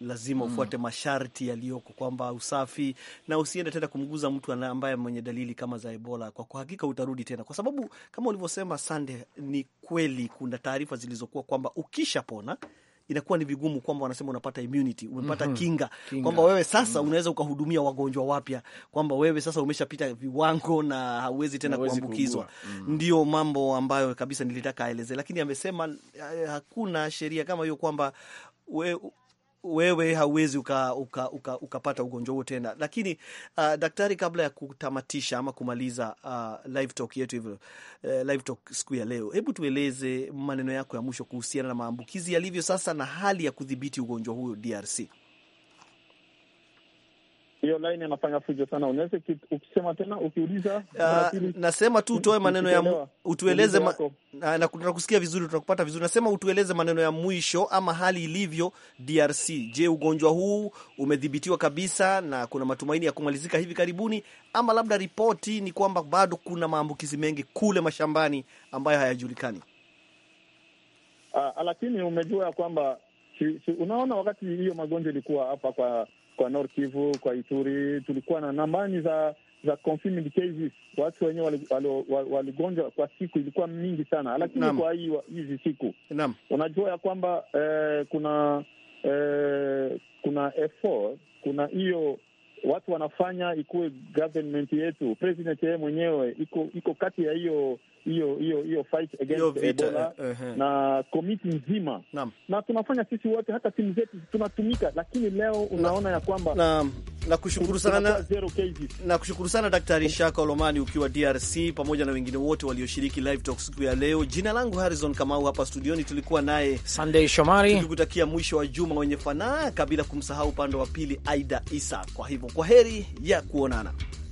lazima mm. ufuate mm. masharti yaliyoko kwamba usafi na usiende tena kumguza mtu ambaye mwenye dalili kama za Ebola. Kwa hakika utarudi tena, kwa sababu kama ulivyosema Sande, ni kweli kuna taarifa zilizokuwa kwamba ukishapona inakuwa ni vigumu kwamba wanasema unapata immunity, umepata mm -hmm. kinga, kinga, kwamba wewe sasa mm -hmm. unaweza ukahudumia wagonjwa wapya, kwamba wewe sasa umeshapita viwango na hauwezi tena kuambukizwa mm -hmm. Ndio mambo ambayo kabisa nilitaka aeleze, lakini amesema eh, hakuna sheria kama hiyo kwamba we wewe hauwezi ukapata uka, uka, uka ugonjwa huo tena. Lakini uh, daktari, kabla ya kutamatisha ama kumaliza uh, live talk yetu hivyo, uh, live talk siku ya leo, hebu tueleze maneno yako ya mwisho kuhusiana na maambukizi yalivyo sasa na hali ya kudhibiti ugonjwa huo DRC hiyo line anafanya fujo sana. Unaweza ukisema tena ukiuliza, uh, nasema tu utoe maneno ya utueleze ma, na, na kusikia vizuri, tunakupata vizuri. Nasema utueleze maneno ya mwisho ama hali ilivyo DRC. Je, ugonjwa huu umedhibitiwa kabisa na kuna matumaini ya kumalizika hivi karibuni, ama labda ripoti ni kwamba bado kuna maambukizi mengi kule mashambani ambayo hayajulikani? Uh, lakini umejua ya kwamba si, si, unaona wakati hiyo magonjwa ilikuwa hapa kwa kwa Nord Kivu, kwa Ituri, tulikuwa na nambani za za confirmed cases, watu wenyewe waligonjwa kwa siku ilikuwa mingi sana, lakini kwa hii hizi siku Naam. unajua ya kwamba eh, kuna eh, kuna effort, kuna hiyo watu wanafanya ikuwe government yetu president yeye mwenyewe iko iko kati ya hiyo hiyo hiyo hiyo fight against vita, Ebola uh uh, na komiti nzima Naam. na tunafanya sisi wote, hata timu zetu tunatumika, lakini leo unaona ya kwamba Naam. kushukuru sana, na kushukuru sana Daktari Shaka Olomani ukiwa DRC pamoja na wengine wote walioshiriki live talk siku ya leo. Jina langu Harrison Kamau, hapa studioni tulikuwa naye Sunday Shomari, tukikutakia mwisho wa juma wenye fanaa, kabila kumsahau upande wa pili Aida Isa. Kwa hivyo kwa heri ya kuonana.